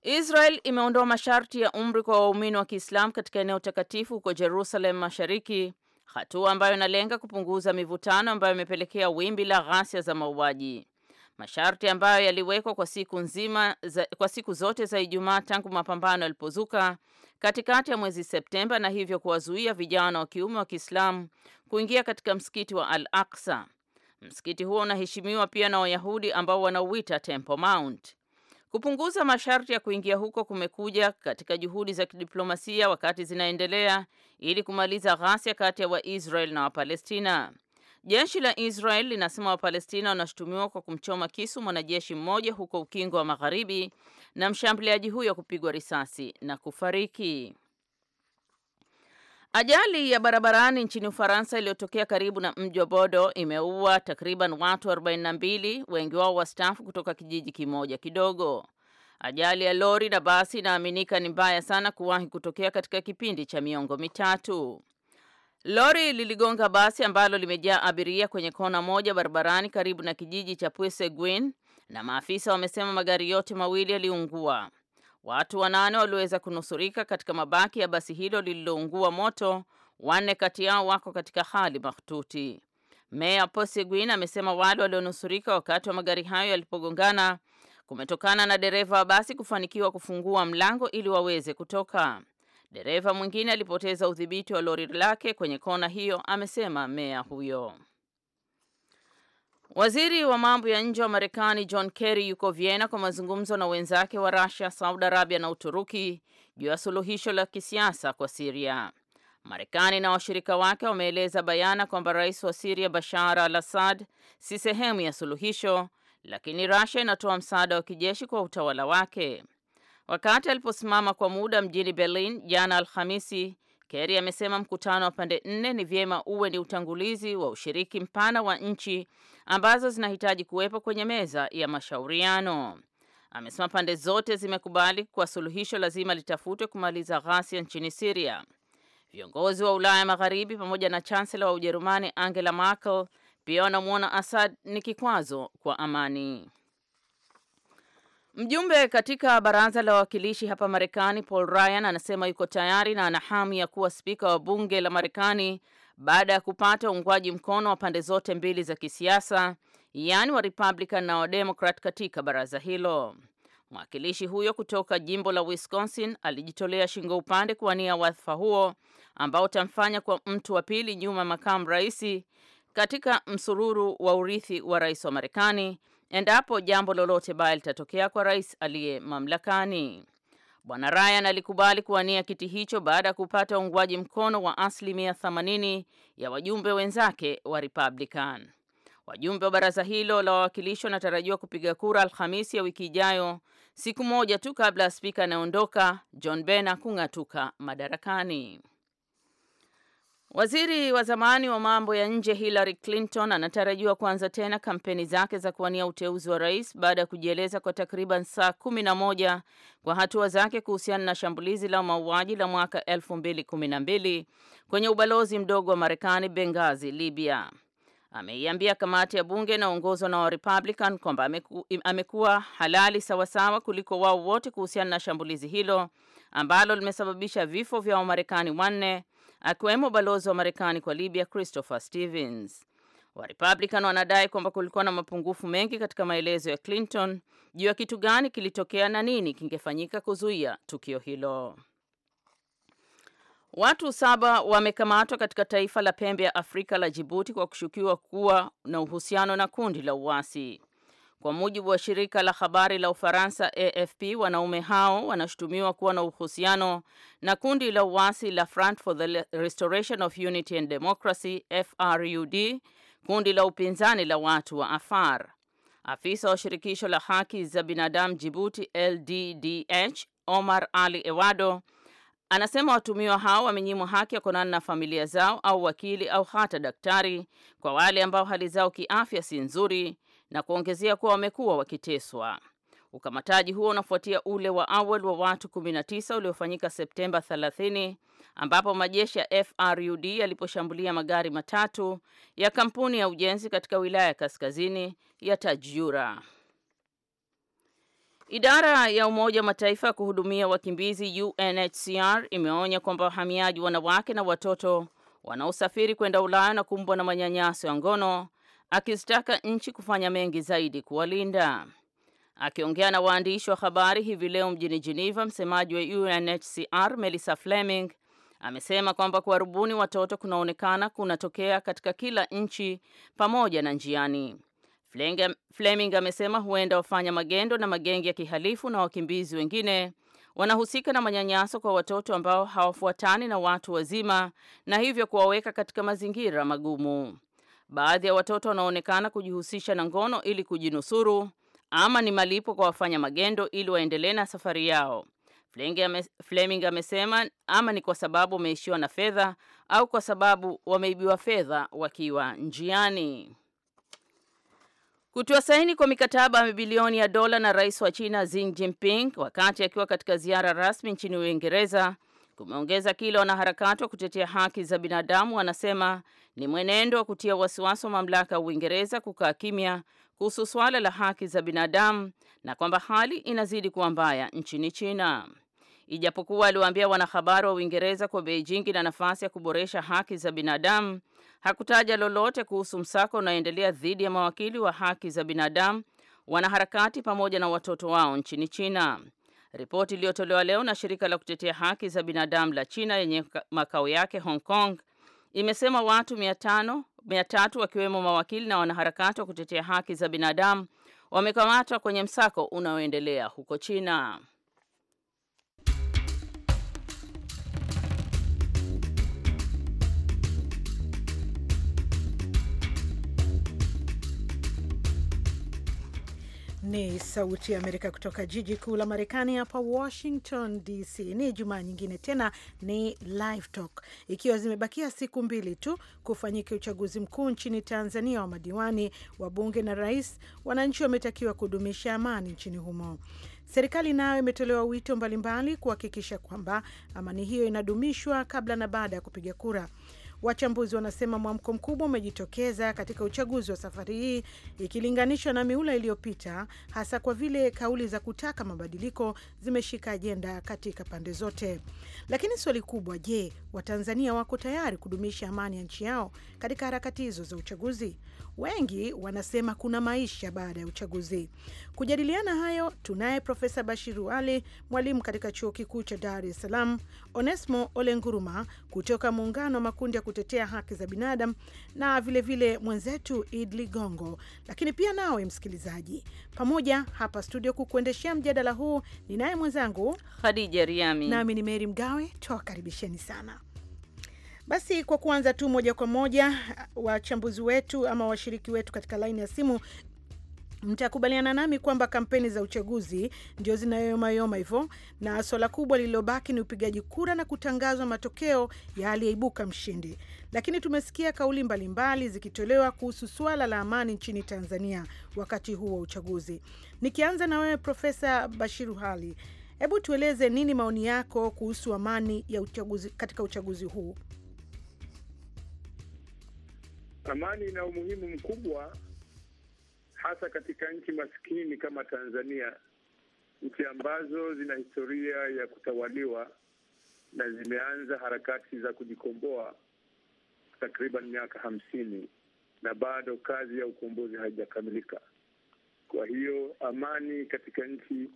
Israel imeondoa masharti ya umri kwa waumini wa Kiislamu katika eneo takatifu huko Jerusalem Mashariki, hatua ambayo inalenga kupunguza mivutano ambayo imepelekea wimbi la ghasia za mauaji. Masharti ambayo yaliwekwa kwa siku nzima za, kwa siku zote za Ijumaa tangu mapambano yalipozuka katikati ya mwezi Septemba na hivyo kuwazuia vijana wa kiume wa Kiislamu kuingia katika msikiti wa Al-Aqsa. Msikiti huo unaheshimiwa pia na Wayahudi ambao wanauita Temple Mount. Kupunguza masharti ya kuingia huko kumekuja katika juhudi za kidiplomasia wakati zinaendelea ili kumaliza ghasia kati ya Waisrael na Wapalestina. Jeshi la Israel linasema Wapalestina wanashutumiwa kwa kumchoma kisu mwanajeshi mmoja huko Ukingo wa Magharibi na mshambuliaji huyo kupigwa risasi na kufariki. Ajali ya barabarani nchini Ufaransa iliyotokea karibu na mji wa Bodo imeua takriban watu 42, wengi wao wastaafu kutoka kijiji kimoja kidogo. Ajali ya lori na basi inaaminika ni mbaya sana kuwahi kutokea katika kipindi cha miongo mitatu. Lori liligonga basi ambalo limejaa abiria kwenye kona moja barabarani karibu na kijiji cha Puiseguin, na maafisa wamesema magari yote mawili yaliungua. Watu wanane waliweza kunusurika katika mabaki ya basi hilo lililoungua moto, wanne kati yao wako katika hali mahututi. Meya Poseguin amesema wale walionusurika wakati wa magari hayo yalipogongana kumetokana na dereva wa basi kufanikiwa kufungua mlango ili waweze kutoka. Dereva mwingine alipoteza udhibiti wa lori lake kwenye kona hiyo, amesema meya huyo. Waziri wa mambo ya nje wa Marekani John Kerry yuko Vienna kwa mazungumzo na wenzake wa Russia, Saudi Arabia na Uturuki juu ya suluhisho la kisiasa kwa Siria. Marekani na washirika wake wameeleza bayana kwamba rais wa Siria Bashar al Assad si sehemu ya suluhisho, lakini Russia inatoa msaada wa kijeshi kwa utawala wake. Wakati aliposimama kwa muda mjini Berlin jana Alhamisi Kerry amesema mkutano wa pande nne ni vyema uwe ni utangulizi wa ushiriki mpana wa nchi ambazo zinahitaji kuwepo kwenye meza ya mashauriano. Amesema pande zote zimekubali kuwa suluhisho lazima litafutwe kumaliza ghasia nchini Syria. Viongozi wa Ulaya Magharibi pamoja na Chancellor wa Ujerumani Angela Merkel pia wanamwona Assad ni kikwazo kwa amani. Mjumbe katika baraza la wawakilishi hapa Marekani, Paul Ryan anasema yuko tayari na ana hamu ya kuwa spika wa bunge la Marekani baada ya kupata uungwaji mkono wa pande zote mbili za kisiasa, yaani wa Republican na wa Democrat katika baraza hilo. Mwakilishi huyo kutoka jimbo la Wisconsin alijitolea shingo upande kuwania wadhifa huo ambao utamfanya kwa mtu wa pili nyuma makamu raisi katika msururu wa urithi wa rais wa Marekani endapo jambo lolote baya litatokea kwa rais aliye mamlakani. Bwana Ryan alikubali kuwania kiti hicho baada ya kupata uungwaji mkono wa asilimia 80 ya wajumbe wenzake wa Republican. Wajumbe wa baraza hilo la wawakilishi wanatarajiwa kupiga kura Alhamisi ya wiki ijayo, siku moja tu kabla ya spika anayeondoka John Bena kung'atuka madarakani. Waziri wa zamani wa mambo ya nje Hillary Clinton anatarajiwa kuanza tena kampeni zake za kuwania uteuzi wa rais baada ya kujieleza kwa takriban saa kumi na moja kwa hatua zake kuhusiana na shambulizi la mauaji la mwaka elfu mbili kumi na mbili kwenye ubalozi mdogo wa Marekani Benghazi, Libya. Ameiambia kamati ya bunge inaongozwa na Warepublican kwamba ameku, amekuwa halali sawasawa kuliko wao wote kuhusiana na shambulizi hilo ambalo limesababisha vifo vya Wamarekani wanne akiwemo balozi wa Marekani kwa Libya Christopher Stevens. Warepublican wanadai kwamba kulikuwa na mapungufu mengi katika maelezo ya Clinton juu ya kitu gani kilitokea na nini kingefanyika kuzuia tukio hilo. Watu saba wamekamatwa katika taifa la pembe ya Afrika la Jibuti kwa kushukiwa kuwa na uhusiano na kundi la uasi. Kwa mujibu wa shirika la habari la Ufaransa AFP, wanaume hao wanashutumiwa kuwa na uhusiano na kundi la uasi la Front for the Restoration of Unity and Democracy FRUD, kundi la upinzani la watu wa Afar. Afisa wa shirikisho la haki za binadamu Djibouti LDDH, Omar Ali Ewado, anasema watumiwa hao wamenyimwa haki ya kuonana na familia zao au wakili au hata daktari kwa wale ambao hali zao kiafya si nzuri na kuongezea kuwa wamekuwa wakiteswa. Ukamataji huo unafuatia ule wa awali wa watu 19 uliofanyika Septemba 30 ambapo majeshi ya FRUD yaliposhambulia magari matatu ya kampuni ya ujenzi katika wilaya ya kaskazini ya Tajura. Idara ya Umoja wa Mataifa ya kuhudumia wakimbizi UNHCR imeonya kwamba wahamiaji wanawake na watoto wanaosafiri kwenda Ulaya na kumbwa na manyanyaso ya ngono akizitaka nchi kufanya mengi zaidi kuwalinda. Akiongea na waandishi wa habari hivi leo mjini Geneva, msemaji wa UNHCR Melissa Fleming amesema kwamba kuwarubuni watoto kunaonekana kunatokea katika kila nchi pamoja na njiani. Fleming amesema huenda wafanya magendo na magengi ya kihalifu na wakimbizi wengine wanahusika na manyanyaso kwa watoto ambao hawafuatani na watu wazima na hivyo kuwaweka katika mazingira magumu. Baadhi ya watoto wanaonekana kujihusisha na ngono ili kujinusuru ama ni malipo kwa wafanya magendo ili waendelee na safari yao. Fleming amesema ama ni kwa sababu wameishiwa na fedha au kwa sababu wameibiwa fedha wakiwa njiani. kutoa saini kwa mikataba ya mabilioni ya dola na rais wa China Xi Jinping wakati akiwa katika ziara rasmi nchini Uingereza kumeongeza kile wanaharakati wa kutetea haki za binadamu wanasema ni mwenendo wa kutia wasiwasi wa mamlaka ya Uingereza kukaa kimya kuhusu suala la haki za binadamu na kwamba hali inazidi kuwa mbaya nchini China. Ijapokuwa aliwaambia wanahabari wa Uingereza kwa Beijing ina nafasi ya kuboresha haki za binadamu, hakutaja lolote kuhusu msako unaoendelea dhidi ya mawakili wa haki za binadamu, wanaharakati pamoja na watoto wao nchini China. Ripoti iliyotolewa leo na shirika la kutetea haki za binadamu la China yenye makao yake Hong Kong imesema watu 500 tatu wakiwemo mawakili na wanaharakati wa kutetea haki za binadamu wamekamatwa kwenye msako unaoendelea huko China. Ni Sauti ya Amerika kutoka jiji kuu la Marekani, hapa Washington DC. Ni Jumaa nyingine tena, ni Live Talk, ikiwa zimebakia siku mbili tu kufanyika uchaguzi mkuu nchini Tanzania wa madiwani, wa bunge na rais. Wananchi wametakiwa kudumisha amani nchini humo. Serikali nayo imetolewa wito mbalimbali kuhakikisha kwamba amani hiyo inadumishwa kabla na baada ya kupiga kura. Wachambuzi wanasema mwamko mkubwa umejitokeza katika uchaguzi wa safari hii ikilinganishwa na miula iliyopita, hasa kwa vile kauli za kutaka mabadiliko zimeshika ajenda katika pande zote. Lakini swali kubwa, je, Watanzania wako tayari kudumisha amani ya nchi yao katika harakati hizo za uchaguzi. Wengi wanasema kuna maisha baada ya uchaguzi. Kujadiliana hayo tunaye Profesa Bashiru Ali, mwalimu katika chuo kikuu cha Dar es Salaam, Onesmo Olenguruma kutoka muungano wa makundi ya kutetea haki za binadamu, na vilevile vile mwenzetu Id Ligongo, lakini pia nawe msikilizaji. Pamoja hapa studio kukuendeshea mjadala huu ni naye mwenzangu hadija Riami, nami ni Meri Mgawe. Tuwakaribisheni sana. Basi kwa kuanza tu moja kwa moja, wachambuzi wetu ama washiriki wetu katika laini ya simu mtakubaliana nami kwamba kampeni za uchaguzi ndio zinayoyomayoma hivyo, na swala kubwa lililobaki ni upigaji kura na kutangazwa matokeo ya aliyeibuka mshindi. Lakini tumesikia kauli mbalimbali zikitolewa kuhusu swala la amani nchini Tanzania wakati huu wa uchaguzi. Nikianza na wewe Profesa Bashiru Hali, hebu tueleze nini maoni yako kuhusu amani ya uchaguzi katika uchaguzi huu? Amani ina umuhimu mkubwa hasa katika nchi maskini kama Tanzania, nchi ambazo zina historia ya kutawaliwa na zimeanza harakati za kujikomboa takriban miaka hamsini na bado kazi ya ukombozi haijakamilika. Kwa hiyo amani katika nchi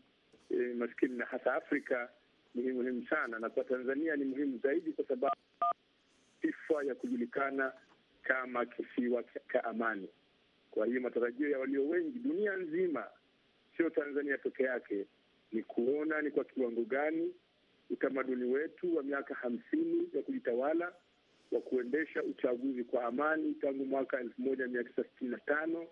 e, maskini na hasa Afrika ni muhimu sana, na kwa Tanzania ni muhimu zaidi, kwa sababu sifa ya kujulikana kama kisiwa cha amani. Kwa hiyo matarajio ya walio wengi dunia nzima, sio Tanzania peke yake, ni kuona ni kwa kiwango gani utamaduni wetu wa miaka hamsini ya kujitawala wa kuendesha uchaguzi kwa amani tangu mwaka elfu moja mia tisa sitini na tano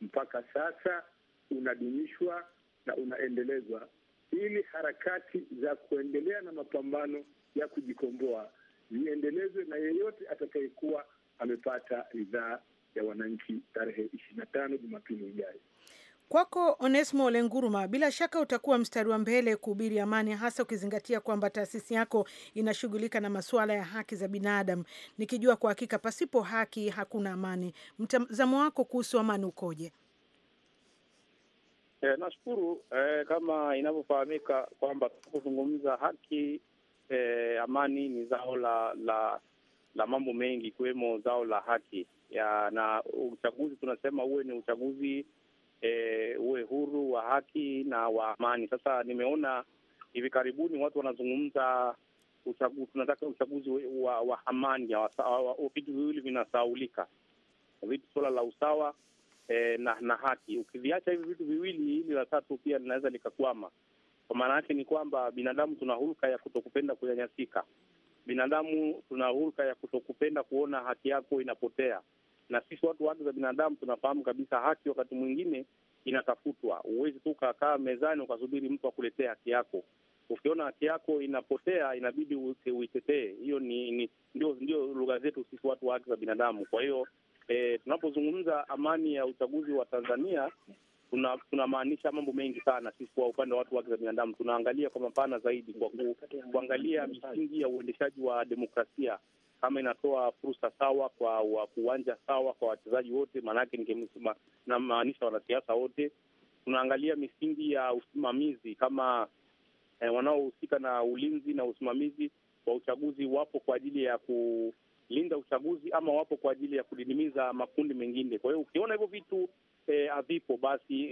mpaka sasa unadumishwa na unaendelezwa ili harakati za kuendelea na mapambano ya kujikomboa ziendelezwe na yeyote atakayekuwa amepata ridhaa ya wananchi tarehe ishirini na tano Jumapili ijayo. Kwako Onesmo Lenguruma, bila shaka utakuwa mstari wa mbele kuhubiri amani, hasa ukizingatia kwamba taasisi yako inashughulika na masuala ya haki za binadamu, nikijua kwa hakika pasipo haki hakuna amani. Mtazamo wako kuhusu amani ukoje? E, nashukuru. E, kama inavyofahamika kwamba kuzungumza haki, e, amani ni zao la la la mambo mengi ikiwemo zao la haki ya, na uchaguzi tunasema uwe ni uchaguzi e, uwe huru wa haki na wa amani. Sasa nimeona hivi karibuni watu wanazungumza uchaguzi, tunataka uchaguzi wa, wa amani. Vitu viwili vinasaulika, vitu suala la usawa e, na na haki. Ukiviacha hivi vitu viwili, hili la tatu pia linaweza likakwama. Kwa maana yake ni kwamba binadamu tuna hulka ya kutokupenda kunyanyasika binadamu tuna hulka ya kutokupenda kuona haki yako inapotea, na sisi watu wa haki za binadamu tunafahamu kabisa haki wakati mwingine inatafutwa. Huwezi tu ukakaa mezani ukasubiri mtu akuletee haki yako. Ukiona haki yako inapotea, inabidi uitetee. Hiyo ni, ni ndio, ndio lugha zetu sisi watu wa haki za binadamu. Kwa hiyo e, tunapozungumza amani ya uchaguzi wa Tanzania tunamaanisha mambo mengi sana sisi kwa upande wa watu haki za binadamu, tunaangalia kwa mapana zaidi kwa ku, kuangalia misingi ya uendeshaji wa demokrasia kama inatoa fursa sawa kwa wa uwanja sawa kwa wachezaji wote, maanake namaanisha wanasiasa wote. Tunaangalia misingi ya usimamizi kama eh, wanaohusika na ulinzi na usimamizi wa uchaguzi wapo kwa ajili ya kulinda uchaguzi ama wapo kwa ajili ya kudidimiza makundi mengine. Kwa hiyo ukiona hivyo vitu e, havipo, basi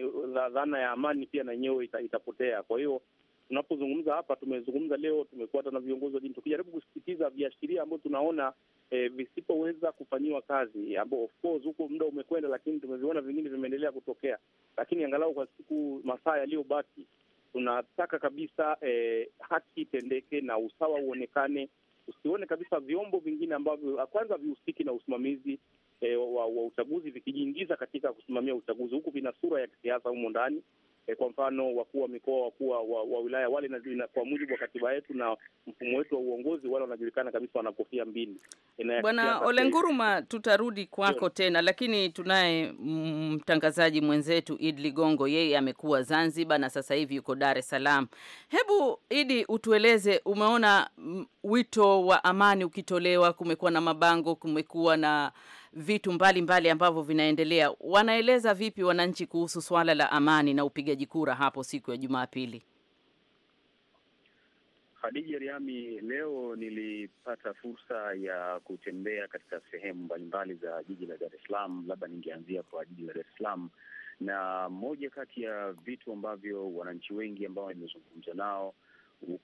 dhana ya amani pia na yenyewe ita, itapotea. Kwa hiyo tunapozungumza hapa, tumezungumza leo, tumekuata na viongozi wa dini, tukijaribu kusisitiza viashiria ambavyo tunaona e, visipoweza kufanyiwa kazi, ambao of course huko muda umekwenda, lakini tumeviona vingine vimeendelea kutokea, lakini angalau kwa siku masaa yaliyobaki tunataka kabisa e, haki itendeke na usawa uonekane. Usione kabisa vyombo vingine ambavyo kwanza vihusiki na usimamizi e, wa, wa uchaguzi vikijiingiza katika kusimamia uchaguzi, huku vina sura ya kisiasa humo ndani. E, kwa mfano wakuu wa mikoa, wakuu wa, wa wilaya wale na, na, kwa mujibu wa katiba yetu na mfumo wetu wa uongozi wale wanajulikana kabisa, wanakofia mbili. Eh, Bwana Olenguruma, tutarudi kwako tena, lakini tunaye mtangazaji mwenzetu id Ligongo. Yeye amekuwa Zanzibar na sasa hivi yuko Dar es Salaam. Hebu Idi, utueleze umeona wito wa amani ukitolewa, kumekuwa na mabango, kumekuwa na vitu mbalimbali ambavyo vinaendelea. Wanaeleza vipi wananchi kuhusu swala la amani na upigaji kura hapo siku ya Jumapili? Hadija Riami, leo nilipata fursa ya kutembea katika sehemu mbalimbali za jiji la Dar es Salaam. Labda ningeanzia kwa jiji la Dar es Salaam, na moja kati ya vitu ambavyo wananchi wengi ambao nimezungumza nao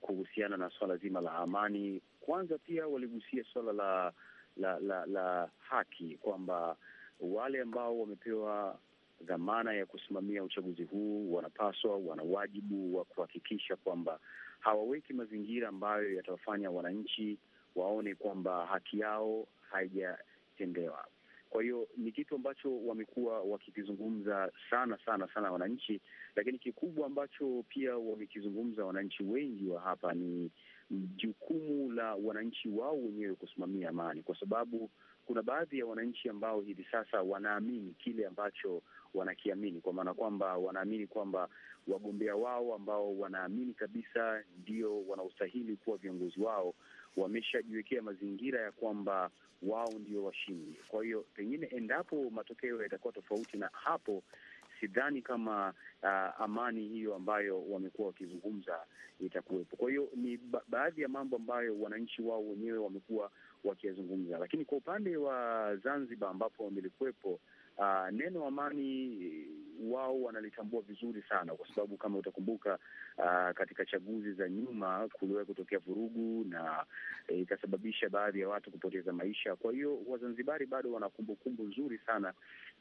kuhusiana na swala zima la amani, kwanza pia waligusia swala la la, la, la haki kwamba wale ambao wamepewa dhamana ya kusimamia uchaguzi huu wanapaswa, wana wajibu wa kuhakikisha kwamba hawaweki mazingira ambayo yatawafanya wananchi waone kwamba haki yao haijatendewa. Kwa hiyo ni kitu ambacho wamekuwa wakikizungumza sana sana sana wananchi, lakini kikubwa ambacho pia wamekizungumza wananchi wengi wa hapa ni jukumu la wananchi wao wenyewe kusimamia amani, kwa sababu kuna baadhi ya wananchi ambao hivi sasa wanaamini kile ambacho wanakiamini, kwa maana kwamba wanaamini kwamba wagombea wao ambao wanaamini kabisa ndio wanaostahili kuwa viongozi wao wameshajiwekea mazingira ya kwamba wao ndio washindi. Kwa hiyo pengine endapo matokeo yatakuwa tofauti na hapo, sidhani kama uh, amani hiyo ambayo wamekuwa wakizungumza itakuwepo. Kwa hiyo ni ba baadhi ya mambo ambayo wananchi wao wenyewe wamekuwa wakiyazungumza, lakini kwa upande wa Zanzibar ambapo nilikuwepo Uh, neno amani wao wanalitambua vizuri sana kwa sababu kama utakumbuka, uh, katika chaguzi za nyuma kuliwahi kutokea vurugu na eh, ikasababisha eh, baadhi ya watu kupoteza maisha. Kwa hiyo Wazanzibari bado wana kumbukumbu nzuri sana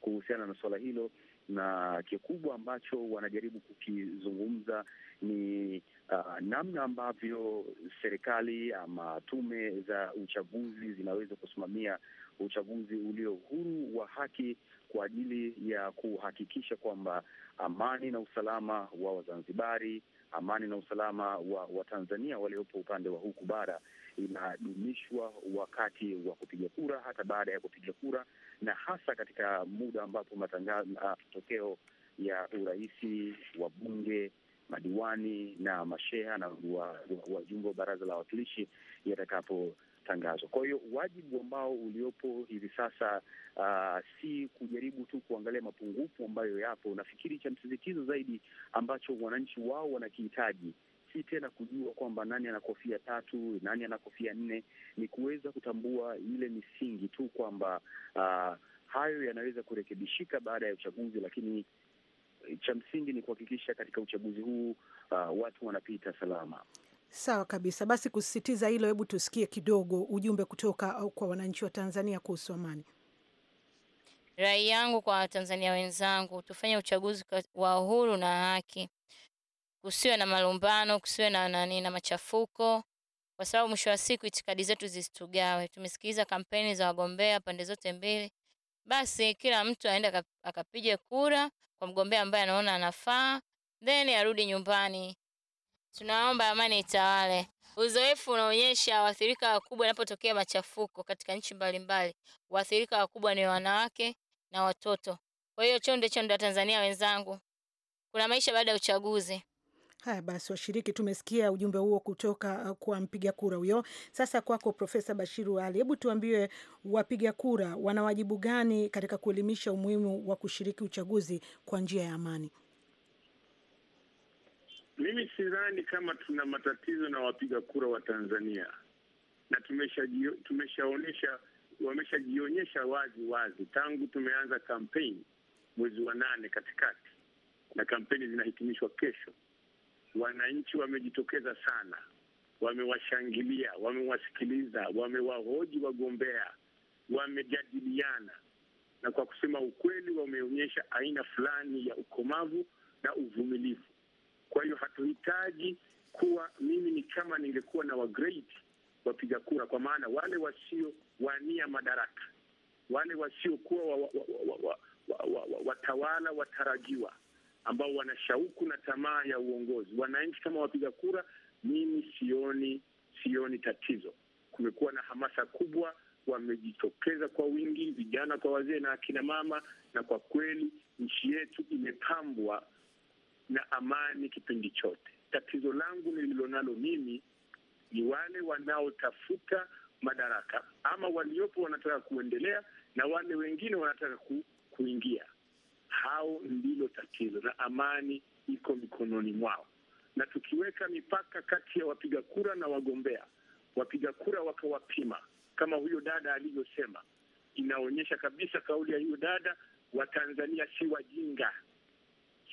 kuhusiana na suala hilo, na kikubwa ambacho wanajaribu kukizungumza ni uh, namna ambavyo serikali ama tume za uchaguzi zinaweza kusimamia uchaguzi ulio huru wa haki kwa ajili ya kuhakikisha kwamba amani na usalama wa Wazanzibari, amani na usalama wa Watanzania waliopo upande wa huku bara inadumishwa wakati wa kupiga kura, hata baada ya kupiga kura, na hasa katika muda ambapo ah, matokeo ya uraisi, bunge madiwani na masheha na wajumbe wa baraza la wawakilishi yatakapo Kwa hiyo wajibu ambao uliopo hivi sasa uh, si kujaribu tu kuangalia mapungufu ambayo yapo. Nafikiri cha msisitizo zaidi ambacho wananchi wao wanakihitaji si tena kujua kwamba nani ana kofia tatu, nani ana kofia nne, ni kuweza kutambua ile misingi tu kwamba uh, hayo yanaweza kurekebishika baada ya uchaguzi, lakini eh, cha msingi ni kuhakikisha katika uchaguzi huu uh, watu wanapita salama. Sawa kabisa. Basi kusisitiza hilo, hebu tusikie kidogo ujumbe kutoka kwa wananchi wa Tanzania kuhusu amani. Rai yangu kwa Watanzania wenzangu, tufanye uchaguzi wa uhuru na haki kusiwe na malumbano, kusiwe na nani na machafuko, kwa sababu mwisho wa siku itikadi zetu zisitugawe. Tumesikiliza kampeni za wagombea pande zote mbili, basi kila mtu aende akapige kura kwa mgombea ambaye anaona anafaa, then arudi nyumbani. Tunaomba amani itawale. Uzoefu unaonyesha waathirika wakubwa inapotokea machafuko katika nchi mbalimbali, waathirika wakubwa ni wanawake na watoto. Kwa hiyo chonde chonde wa Tanzania wenzangu, kuna maisha baada ya uchaguzi. Haya basi, washiriki, tumesikia ujumbe huo kutoka uh, kwa mpiga kura huyo. Sasa kwako Profesa Bashiru Ali, hebu tuambie wapiga kura wana wajibu gani katika kuelimisha umuhimu wa kushiriki uchaguzi kwa njia ya amani? Mimi sidhani kama tuna matatizo na wapiga kura wa Tanzania na tumeshaonyesha wameshajionyesha wazi wazi tangu tumeanza kampeni mwezi wa nane katikati, na kampeni zinahitimishwa kesho wananchi wamejitokeza sana, wamewashangilia, wamewasikiliza, wamewahoji wagombea, wamejadiliana, na kwa kusema ukweli, wameonyesha aina fulani ya ukomavu na uvumilivu. Kwa hiyo hatuhitaji kuwa, mimi ni kama ningekuwa na wagrade wapiga kura, kwa maana wale wasiowania madaraka, wale wasiokuwa wa, wa, wa, wa, wa, wa, wa, watawala watarajiwa ambao wana shauku na tamaa ya uongozi. Wananchi kama wapiga kura, mimi sioni, sioni tatizo. Kumekuwa na hamasa kubwa, wamejitokeza kwa wingi, vijana kwa wazee na akina mama, na kwa kweli nchi yetu imepambwa na amani kipindi chote. Tatizo langu nililonalo mimi ni wale wanaotafuta madaraka ama waliopo wanataka kuendelea na wale wengine wanataka ku, kuingia hao ndilo tatizo, na amani iko mikononi mwao. Na tukiweka mipaka kati ya wapiga kura na wagombea, wapiga kura wakawapima kama huyo dada alivyosema, inaonyesha kabisa kauli ya huyo dada, Watanzania si wajinga,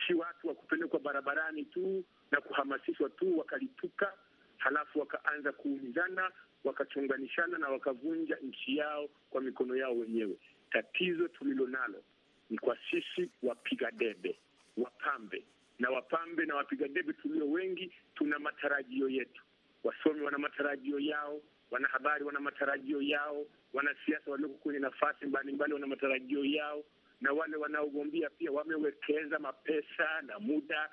si watu wa kupelekwa barabarani tu na kuhamasishwa tu wakalituka, halafu wakaanza kuumizana, wakachonganishana na wakavunja nchi yao kwa mikono yao wenyewe. Tatizo tulilo nalo ni kwa sisi wapiga debe, wapambe na wapambe na wapiga debe tulio wengi, tuna matarajio yetu. Wasomi wana matarajio yao, wanahabari wana matarajio yao, wanasiasa walioko kwenye nafasi mbalimbali wana matarajio yao, na wale wanaogombea pia wamewekeza mapesa na muda.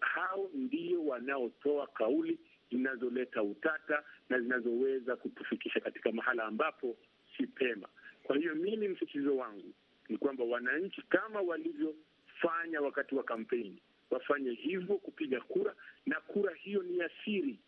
Hao ndio wanaotoa kauli zinazoleta utata na zinazoweza kutufikisha katika mahala ambapo si pema. Kwa hiyo mimi, msikizo wangu ni kwamba wananchi kama walivyofanya wakati wa kampeni wafanye hivyo kupiga kura, na kura hiyo ni ya siri,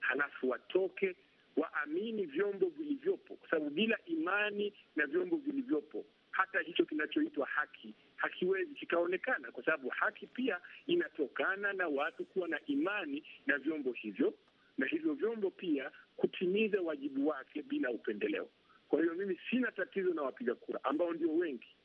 halafu watoke waamini vyombo vilivyopo, kwa sababu bila imani na vyombo vilivyopo hata hicho kinachoitwa haki hakiwezi kikaonekana, kwa sababu haki pia inatokana na watu kuwa na imani na vyombo hivyo, na hivyo vyombo pia kutimiza wajibu wake bila upendeleo. Kwa hiyo mimi sina tatizo na wapiga kura ambao ndio wengi,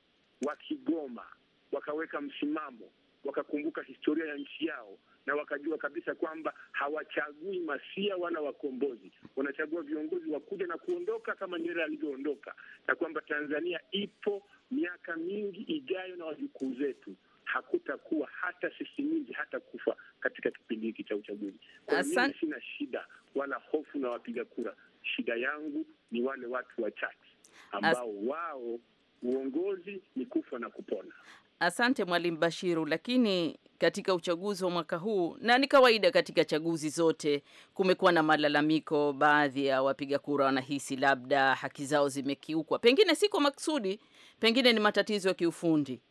wakigoma wakaweka msimamo, wakakumbuka historia ya nchi yao na wakajua kabisa kwamba hawachagui masia wala wakombozi, wanachagua viongozi wa kuja na kuondoka kama Nyerere alivyoondoka, na kwamba Tanzania ipo miaka mingi ijayo na wajukuu zetu hakutakuwa hata sisimizi hata kufa katika kipindi hiki cha uchaguzi. Kwa hiyo sina shida wala hofu na wapiga kura shida yangu ni wale watu wachache ambao As... wao uongozi ni kufa na kupona. Asante Mwalimu Bashiru. Lakini katika uchaguzi wa mwaka huu, na ni kawaida katika chaguzi zote, kumekuwa na malalamiko. Baadhi ya wapiga kura wanahisi labda haki zao zimekiukwa, pengine si kwa maksudi, pengine ni matatizo ya kiufundi.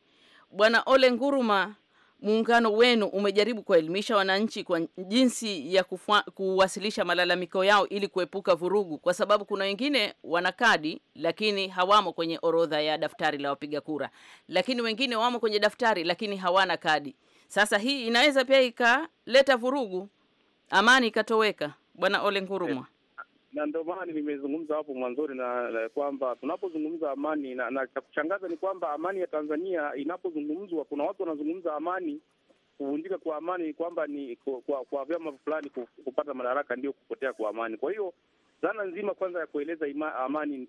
Bwana Ole Nguruma muungano wenu umejaribu kuwaelimisha wananchi kwa jinsi ya kufua, kuwasilisha malalamiko yao ili kuepuka vurugu, kwa sababu kuna wengine wana kadi lakini hawamo kwenye orodha ya daftari la wapiga kura, lakini wengine wamo kwenye daftari lakini hawana kadi. Sasa hii inaweza pia ikaleta vurugu, amani ikatoweka. Bwana Ole Ngurumwa na ndio maana nimezungumza hapo mwanzoni na, na kwamba tunapozungumza amani na, na cha kushangaza ni kwamba amani ya Tanzania inapozungumzwa, kuna watu wanazungumza amani, kuvunjika kwa amani kwamba ni kwa, kwa, kwa vyama fulani kupata madaraka ndio kupotea kwa amani. Kwa hiyo dhana nzima kwanza ya kueleza ima, amani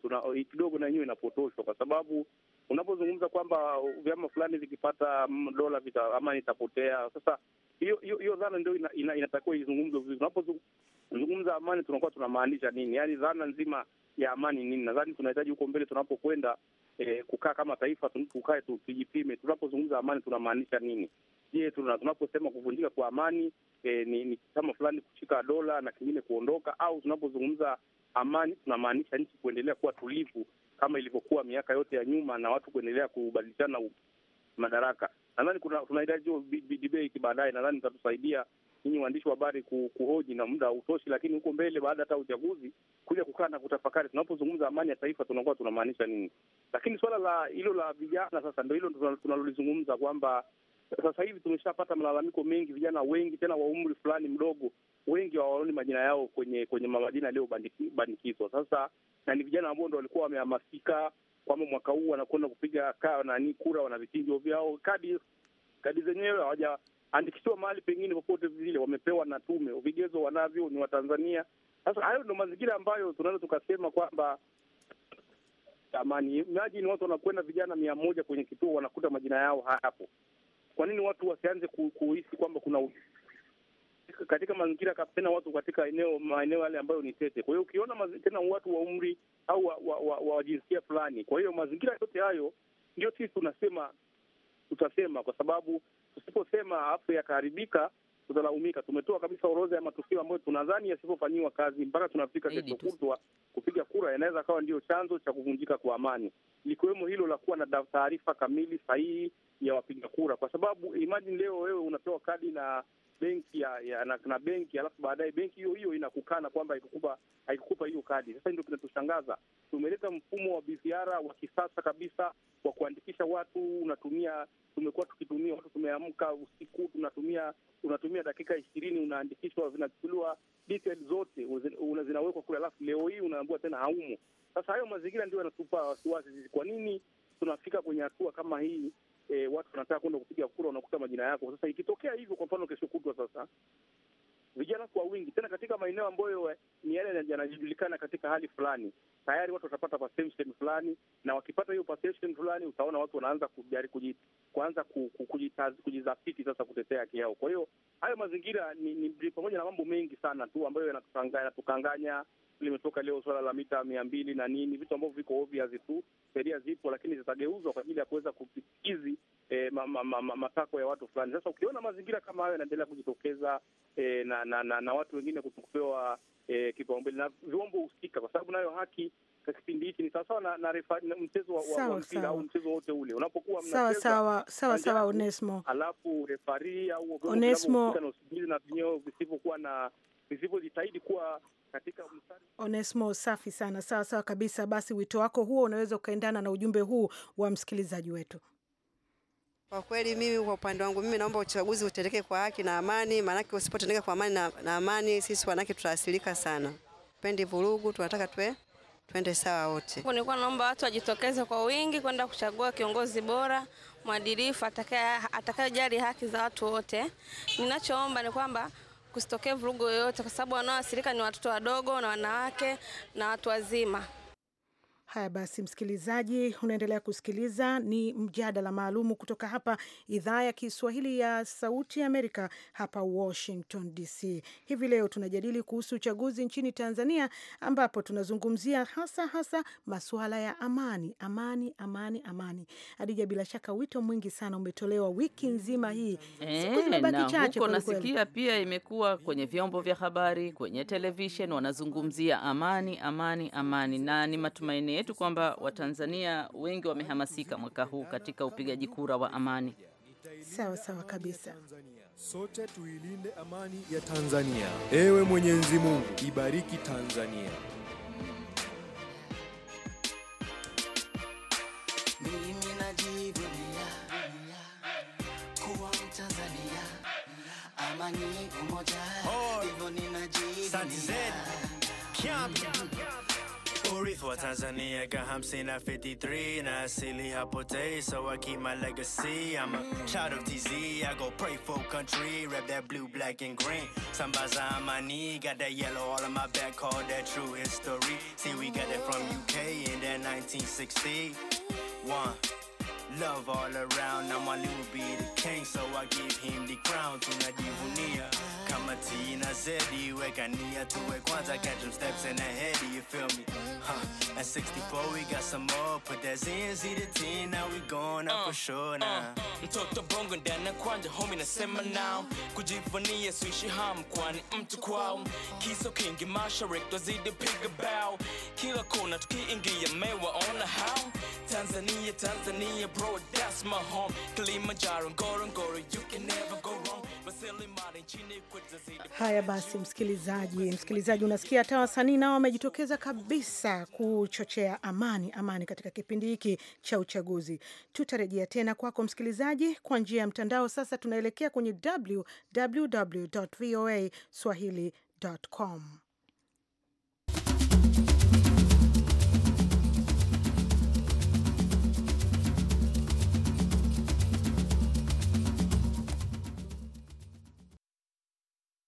kidogo na yenyewe inapotoshwa, kwa sababu unapozungumza kwamba vyama fulani vikipata dola vita, amani itapotea. Sasa hiyo hiyo dhana ndio ina, ina, inatakiwa izungumzwe vizuri. Tunapozungumza amani tunakuwa tunamaanisha nini? Yaani dhana nzima ya amani nini? Nadhani tunahitaji huko mbele tunapokwenda, eh, kukaa kama taifa, tukae tujipime, tunapozungumza amani tunamaanisha nini? Je, tunaposema kuvunjika kwa amani e, ni, ni chama fulani kushika dola na kingine kuondoka, au tunapozungumza amani tunamaanisha nchi kuendelea kuwa tulivu kama ilivyokuwa miaka yote ya nyuma na watu kuendelea kubadilishana madaraka? Nadhani tunahitaji debate baadaye, nadhani itatusaidia nyinyi waandishi wa habari kuhoji na muda hautoshi, lakini huko mbele, baada hata uchaguzi, kuja kukaa na kutafakari tunapozungumza amani ya taifa tunakuwa tunamaanisha nini. Lakini suala la hilo la vijana sasa, ndo hilo tunalolizungumza kwamba sasa hivi tumeshapata malalamiko mengi, vijana wengi tena wa umri fulani mdogo, wengi hawaoni majina yao kwenye kwenye majina yaliyobandikizwa. Sasa na ni vijana ambao ndo walikuwa wamehamasika kwamba mwaka huu wanakwenda kupiga kaa nani kura, wana vitinjo vyao, kadi kadi zenyewe hawajaandikishiwa mahali pengine popote vile, wamepewa na tume, vigezo wanavyo ni Watanzania. Sasa hayo ndo mazingira ambayo tunaweza tukasema kwamba amani. ni watu wanakwenda vijana mia moja kwenye kituo wanakuta majina yao hapo. Kwa nini watu wasianze kuhisi kwamba kuna katika mazingira kapena watu katika eneo maeneo yale ambayo ni tete. Kwa hiyo ukiona tena watu wa umri au wa, wa, wa, wa jinsia fulani, kwa hiyo mazingira yote hayo ndio sisi tunasema tutasema, kwa sababu tusiposema afya yakaharibika tutalaumika. Tumetoa kabisa orodha ya matukio ambayo tunadhani yasipofanyiwa kazi mpaka tunafika kesho kutwa kupiga kura, yanaweza akawa ndio chanzo cha kuvunjika kwa amani, likiwemo hilo la kuwa na taarifa kamili sahihi ya wapiga kura, kwa sababu imagine leo wewe unapewa kadi na benki ya, ya na, na benki alafu baadaye benki hiyo hiyo inakukana kwamba haikukupa haikukupa hiyo kadi. Sasa ndio kinatushangaza. Tumeleta mfumo wa biziara wa kisasa kabisa wa kuandikisha watu, unatumia tumekuwa tukitumia watu, tumeamka usiku, tunatumia unatumia dakika ishirini, unaandikishwa, zinachukuliwa details zote zinawekwa kule, alafu leo hii unaambiwa tena haumo. Sasa hayo mazingira ndio yanatupa wasiwasi, kwa nini tunafika kwenye hatua kama hii e, watu wanataka kwenda kupiga kura, unakuta majina yako. Sasa ikitokea hivyo, kwa mfano kesho kutwa, sasa vijana kwa wingi tena katika maeneo ambayo eh, ni yale yanajulikana katika hali fulani, tayari watu watapata perception fulani, na wakipata hiyo perception fulani, utaona watu wanaanza kuji, kuanza kujizafiti sasa kutetea haki yao. Kwa hiyo hayo mazingira ni, ni pamoja na mambo mengi sana tu ambayo yanatukanganya limetoka leo swala la mita mia mbili na nini, vitu ambavyo viko obvious tu. Sheria zipo, lakini zitageuzwa kwa ajili ya kuweza kukizi eh, ma, ma, ma, ma, ya watu fulani. Sasa ukiona mazingira kama hayo yanaendelea kujitokeza eh, na, na, na, na watu wengine kupewa eh, kipaumbele na vyombo husika, kwa sababu nayo haki kipindi hiki ni sawasawa na, na, na mchezo wa mpira au mchezo wote ule unapokuwa mnacheza sawa sawa, Onesmo, alafu refari au Onesmo na vinyo visivyokuwa na visivyojitahidi kuwa Onesmo, safi sana, sawa sawa kabisa. Basi wito wako huo unaweza ukaendana na ujumbe huu wa msikilizaji wetu. Kwa kweli mimi kwa upande wangu mimi naomba uchaguzi utendeke kwa haki na amani, maanake usipotendeka kwa amani na, na amani, sisi wanawake tutaasirika sana. Pendi vurugu, tunataka tuwe twende sawa wote. Nilikuwa naomba watu wajitokeze kwa wingi kwenda kuchagua kiongozi bora mwadilifu, atakayejali haki za watu wote. Ninachoomba ni kwamba kusitokee vurugu yoyote, kwa sababu wanaoathirika ni watoto wadogo na wanawake na watu wazima. Haya basi, msikilizaji, unaendelea kusikiliza ni mjadala maalumu kutoka hapa idhaa ya Kiswahili ya Sauti Amerika hapa Washington DC. Hivi leo tunajadili kuhusu uchaguzi nchini Tanzania, ambapo tunazungumzia hasa hasa masuala ya amani, amani, amani, amani. Adija, bila shaka wito mwingi sana umetolewa wiki nzima hii, siku eh, zimebaki chache. Nasikia pia imekuwa kwenye vyombo vya habari, kwenye televishen wanazungumzia amani, amani, amani, na ni matumaini yetu kwamba Watanzania wengi wamehamasika mwaka huu katika upigaji kura wa amani. Sawa sawa kabisa. Sote tuilinde amani ya Tanzania. Ewe Mwenyezi Mungu, ibariki Tanzania. Mimi najivunia kuwa Mtanzania. Amani for Tanzania ika seen na 53 na asili hapotei so I keep my legacy I'm a child of TZ I go pray for country rap that blue black and green Sambaza on my knee got that yellow all on my back call that true history see we got that from UK in that 1961. Love all around, my mwalimu be the king, so I give him the crown. Tunajivunia kama T na Z weka nia tuwe kwanza catch them steps in the head you feel me huh. at 64 we got some more put that Z to T now we going up uh, for sure now uh, mtoto bongo ndani ya kwanja homi nasema now kujivunia suishi ham kwani mtu kwao kiso kingi mashariki twazidi piga bao kila kona tukiingia ona how Tanzania Tanzania bro that's my home Kilimanjaro Ngorongoro you can never go wrong Haya basi, msikilizaji, msikilizaji, unasikia hata wasanii nao wamejitokeza kabisa kuchochea amani, amani katika kipindi hiki cha uchaguzi. Tutarejea tena kwako msikilizaji kwa njia ya mtandao. Sasa tunaelekea kwenye www voa